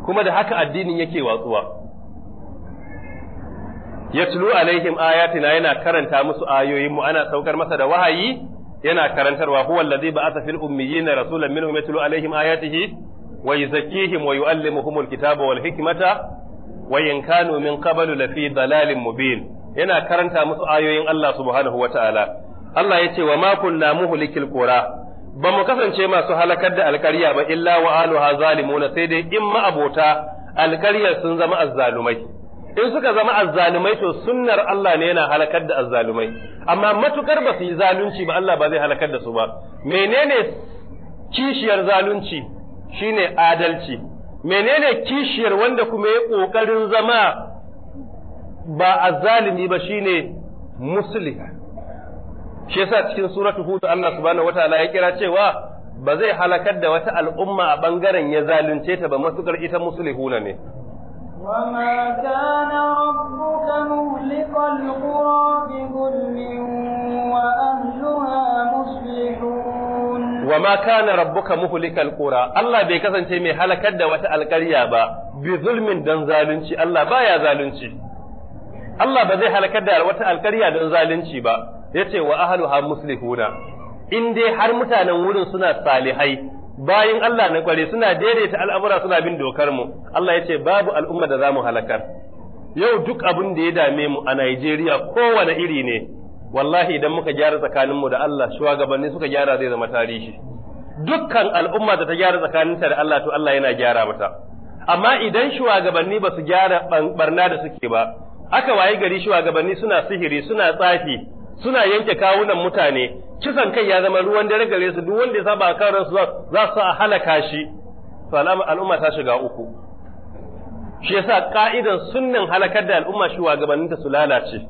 kuma da haka addinin yake watsuwa yatlu alaihim ayatina yana karanta musu ayoyin mu ana saukar masa da wahayi yana karantarwa huwa allazi ba'atha fil ummiyina rasulan minhum yatlu alaihim ayatihi wa yuzakkihim wa yu'allimuhumul kitaba wal hikmata wa in kanu min qablu lafi dalalin mubin yana karanta musu ayoyin Allah subhanahu ta'ala. Allah yace wa ma kunna muhlikil ba mu kasance masu halakar da alkarya ba illa wa aluha zalimuna sai dai in ma'abota alkaryar sun zama azzalumai in suka zama azzalumai to sunnar Allah ne yana halakar da azzalumai amma matukar ba su yi zalunci ba Allah ba zai halakar da su ba menene kishiyar zalunci shine adalci menene kishiyar wanda kuma ya ƙoƙarin zama ba azzalimi ba shine musliha shi yasa cikin suratu hud Allah subhanahu wataala ya kira cewa ba zai halakar da wata al'umma a bangaren ya zalunce ta ba matukar ita muslihuna ne وما كان ربك مهلك القرى الله bai kasance mai halakar da wata alƙarya ba bi zulmin dan zalunci Allah baya zalunci Allah ba zai halakar da wata alƙarya dan zalunci ba yace wa ahluha muslihuna in dai har mutanen wurin suna salihai bayin Allah na kware suna daidaita al'amura suna bin dokar mu Allah ya ce babu al'umma da zamu halakar yau duk abin da ya dame mu a Najeriya kowane iri ne wallahi idan muka gyara tsakanin mu da Allah shugabanni suka gyara zai zama tarihi dukkan al'umma da ta gyara tsakanin ta da Allah to Allah yana gyara mata amma idan shugabanni ba su gyara barna da suke ba aka waye gari shugabanni suna sihiri suna tsafi suna yanke kawunan mutane kisan kai ya zama ruwan dare gare su duk wanda ya saba kan ransu za su halaka shi to al'umma ta shiga uku shi yasa ka'idan sunnan halakar da al'umma shugabanninta su lalace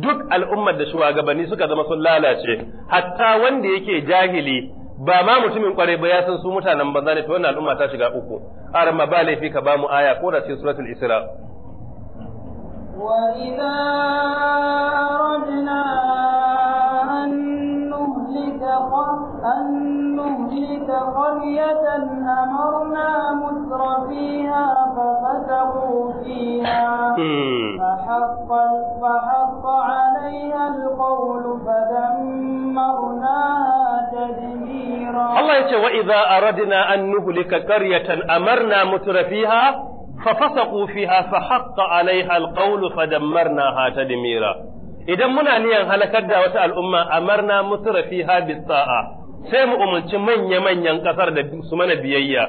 duk al'ummar da shugabanni suka zama sun lalace hatta wanda yake jahili ba ma mutumin kwarai ba ya san su mutanen banza ne to wannan al'umma ta shiga uku arma ba laifi ka ba mu aya ko da cikin suratul isra وإذا أردنا أن نهلك أن نهلك قرية أمرنا متر فيها ففتقوا فيها فحق فحق عليها القول فدمرناها تدميرا الله يقول وإذا أردنا أن نهلك قرية أمرنا متر فيها fa fasaqu fiha fa haqqa alaiha alqawlu idan muna niyan halakar da wata al'umma amarna mutura fiha a, sai mu umarci manya manyan kasar da su mana biyayya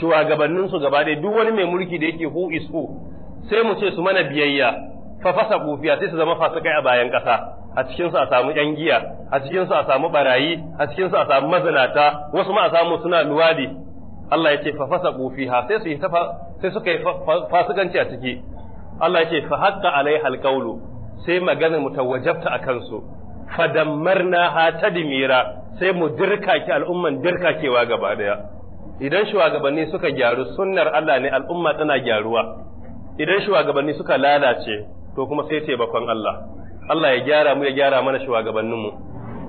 shugabannin su gaba ɗaya duk wani mai mulki da yake who is who sai mu ce su mana biyayya fa fasa kufiya sai su zama fasikai a bayan ƙasa a cikin su a samu yan giya a cikin su a samu barayi a cikin su a samu mazinata wasu ma a samu suna luwadi Allah ya ce fa fasa sai su yi ta sai suka yi fasikanci a ciki Allah ya ce fa haqqa alaihal qawlu sai maganar mu tawajabta akan su fadammarna ha tadmira sai mu dirka ki al'umman dirkakewa gaba daya idan shugabanni suka gyaru sunnar Allah ne al'umma tana gyaruwa idan shugabanni suka lalace to kuma sai ce bakon Allah Allah ya gyara mu ya gyara mana shugabanninmu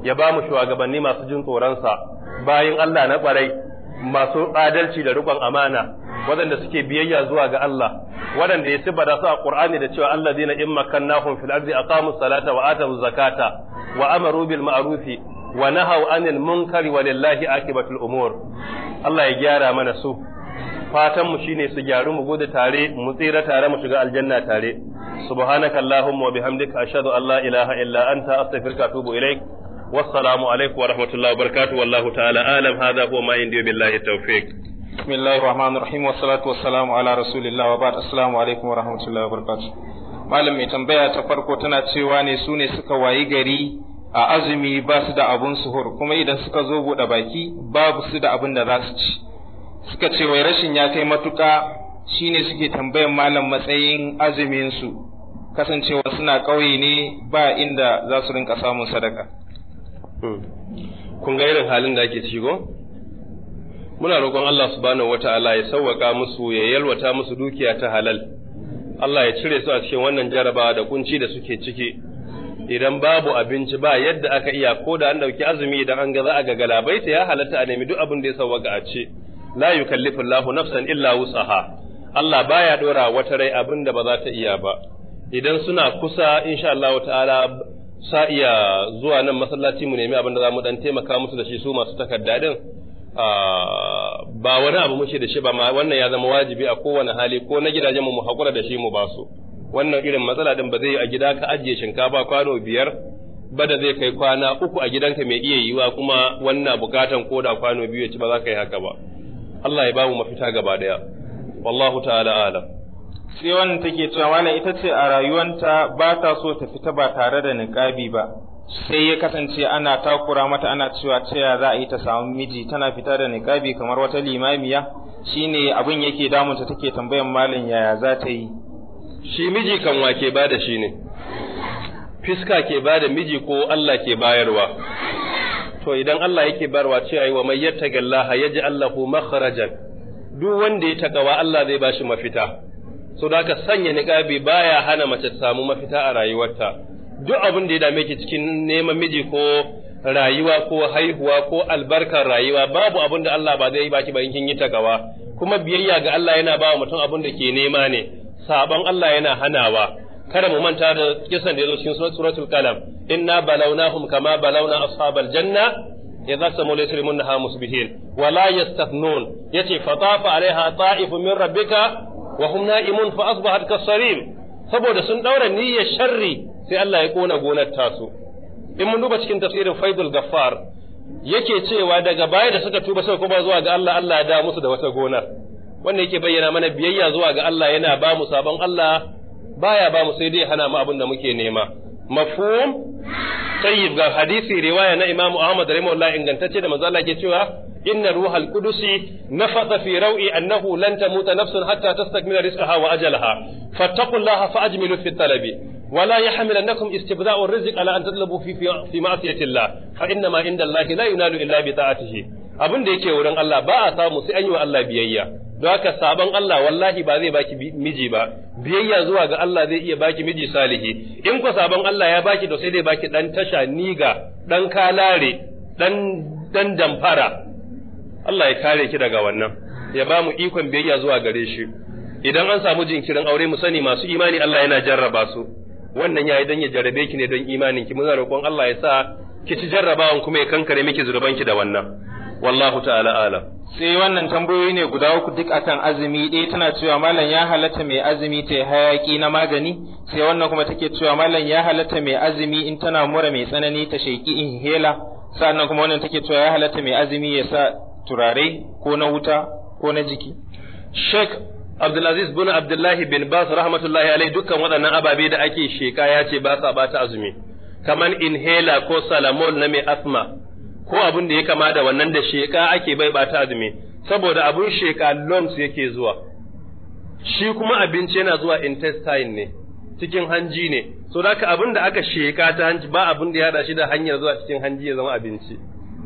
ya ba mu shugabanni masu jin tsoronsa bayin Allah na kwarai masu adalci da rikon amana waɗanda suke biyayya zuwa ga Allah waɗanda ya sibada su a Qur'ani da cewa allazina in makkannahum fil ardi aqamu salata wa atu zakata wa amaru bil ma'rufi wa nahaw anil munkari wa lillahi akibatul umur Allah ya gyara mana su fatan mu shine su gyaru mu gode tare mu tsira tare mu shiga aljanna tare subhanakallahumma wa bihamdika ashhadu an la ilaha illa anta astaghfiruka wa atubu ilaik والسلام عليكم wa الله wa والله wallahu ta'ala alam هو ما ma بالله التوفيق بسم الله الرحمن الرحيم والصلاة salatu على ala الله وبعد السلام عليكم ورحمة wa وبركاته wa malam mai tambaya ta farko tana cewa ne su ne suka wayi gari a azumi ba su da abun suhur kuma idan suka zo buɗe baki babu su da abin da za su ci suka ce wai rashin ya kai matuƙa shine suke tambayan malam matsayin azumin su kasancewa suna ƙauye ne ba inda za su rinka samun sadaka Hmm. kun ga irin halin da ake ciko? muna roƙon Allah subhanahu wata'ala ya sauwaka musu ya yalwata musu dukiya ta halal Allah ya cire su a cikin wannan jarabawa da kunci da suke ciki idan babu abinci ba yadda aka iya ko da an dauki azumi idan an ga za a ga ta ya halatta a nemi duk abin da ya sauwaka a ce la yukallifu Allahu nafsan illa wusaha Allah baya dora wata rai abin da ba za ta iya ba idan suna kusa insha Allah ta'ala sa iya zuwa nan masallaci mu nemi abin da za mu dan taimaka musu da shi su masu takarda din ah, ba wani abu muke da shi ba wannan ya zama wajibi a kowane hali ko na gidajen mu mu hakura da shi mu ba su wannan irin matsala din ba zai yi a gida ka ajiye shinkafa kwano biyar ba da zai kai kwana uku a gidanka mai iya yiwa kuma wannan bukatan ko da kwano biyu ya ci ba za ka yi haka ba Allah ya ba mu mafita gaba daya wallahu ta'ala alam sai wannan take cewa malam ita ce a rayuwanta ba ta so ta fita ba tare da niƙabi ba sai ya kasance ana takura mata ana cewa cewa za a yi ta samu miji tana fita da niƙabi kamar wata limamiya shine abin yake damunta take tambayan malam yaya za ta yi shi miji kan wake ba da shi ne fiska ke bada miji ko Allah ke bayarwa to idan Allah yake bayarwa ce ayi wa mai gallaha Allah Allahu duk wanda ya takawa Allah zai bashi mafita sau da haka sanya niqabi baya hana mace ta samu mafita a rayuwarta duk abin da ya dame ki cikin neman miji ko rayuwa ko haihuwa ko albarkar rayuwa babu abin da Allah ba zai yi baki ba in kin yi takawa kuma biyayya ga Allah yana ba mutum abin da ke nema ne sabon Allah yana hanawa kada mu manta da kisan da yazo cikin suratul qalam inna balawnahum kama balawna ashabal janna idza samu laysa limunha musbihin wala yastathnun yace fatafa alaiha ta'ifun min rabbika wa hum na'imun fa asbahat kasarim saboda sun daura niyyar sharri sai Allah ya kona gonar tasu in mun duba cikin tafsirin Faidul Gaffar yake cewa daga baya da suka tuba suka kuma zuwa ga Allah Allah ya da musu da wata gonar wannan yake bayyana mana biyayya zuwa ga Allah yana ba mu sabon Allah baya ba mu sai dai hana mu abin da muke nema mafhum tayyib ga hadisi riwaya na Imam Ahmad rahimahullah ingantacce da manzo Allah ke cewa inna ruhal qudusi nafatha fi rawi annahu lan tamuta ta hatta tastakmila rizqaha wa ajalaha wala ya ajmilu fi talabi ولا يحملنكم استبداء الرزق على ان تطلبوا في في a الله فانما عند الله لا ينال بطاعته abin da yake wurin Allah ba a samu sai an yi wa Allah biyayya don haka sabon Allah wallahi ba zai baki miji ba biyayya zuwa ga Allah zai iya baki miji salihi in ko sabon Allah ya baki to sai dai baki dan tasha niga dan kalare dan dan damfara Allah ya kare ki daga wannan ya ba mu ikon biyayya zuwa gare shi idan an samu jinkirin aure mu sani masu imani Allah yana jarraba su wannan yayi dan ya jarrabe ki ne don imanin ki muna roƙon Allah ya sa ki ci jarrabawan kuma ya kankare miki zurban ki da wannan wallahu ta'ala alam sai wannan tambayoyi ne guda uku duk akan azumi ɗaya tana cewa malam ya halatta mai azumi ta hayaki na magani sai wannan kuma take cewa malam ya halatta mai azumi in tana mura mai tsanani ta sheki hela sannan kuma wannan take cewa ya halatta mai azumi ya sa turare ko na wuta ko na jiki Sheikh Abdulaziz bin Abdullahi bin Bas rahmatullahi alaihi dukkan waɗannan ababe da ake sheka ya ce ba sa bata azumi kaman inhaler ko salamol na mai asma ko abin da ya kama da wannan da sheka ake bai bata azumi saboda abun sheka lungs yake zuwa shi kuma abinci yana zuwa intestine ne cikin hanji ne so da abin da aka sheka ta hanji ba abin da ya hada shi da hanyar zuwa cikin hanji ya zama abinci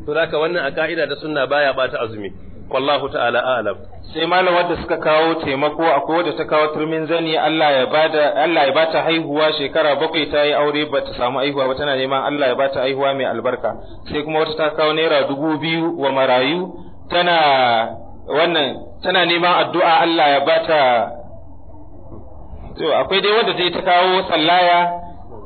to zaka wannan a ka'ida da sunna baya ɓata azumi wallahu ta'ala a'lam sai malamar da suka kawo taimako akwai wadda ta kawo turmin zani Allah ya bada Allah ya bata haihuwa shekara bakwai ta yi aure ba ta samu haihuwa ba tana neman Allah ya bata haihuwa mai albarka sai kuma wata ta kawo naira dubu biyu wa marayu tana wannan tana neman addu'a Allah ya bata to akwai dai wadda ta ta kawo sallaya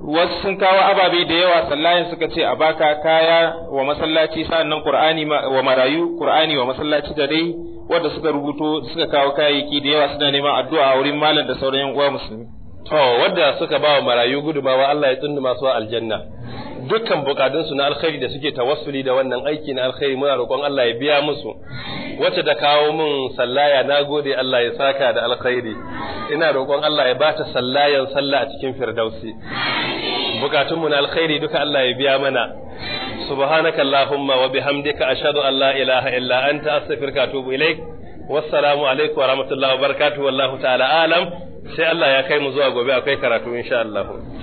wasu sun kawo ababe da yawa sallayan suka ce a baka kaya wa masallaci sa'annan qur'ani wa marayu qur'ani wa masallaci da dai wanda suka rubuto suka kawo kayayyaki da yawa suna neman addu'a a wurin malam da sauran yan uwa musulmi to wanda suka ba wa marayu gudu wa Allah ya tunduma su aljanna dukkan bukatunsu na alkhairi da suke tawassuli da wannan aiki na alkhairi muna roƙon Allah ya biya musu wacce da kawo mun sallaya na gode Allah ya saka da alkhairi ina roƙon Allah ya ba ta sallayan sallah a cikin firdausi bukatunmu na alkhairi duka Allah ya biya mana subhanaka allahumma wa bihamdika ashhadu an la ilaha illa anta astaghfiruka wa atubu ilaik wassalamu alaikum wa rahmatullahi wa barakatuh wallahu ta'ala alam sai Allah ya kai mu zuwa gobe akwai karatu insha Allah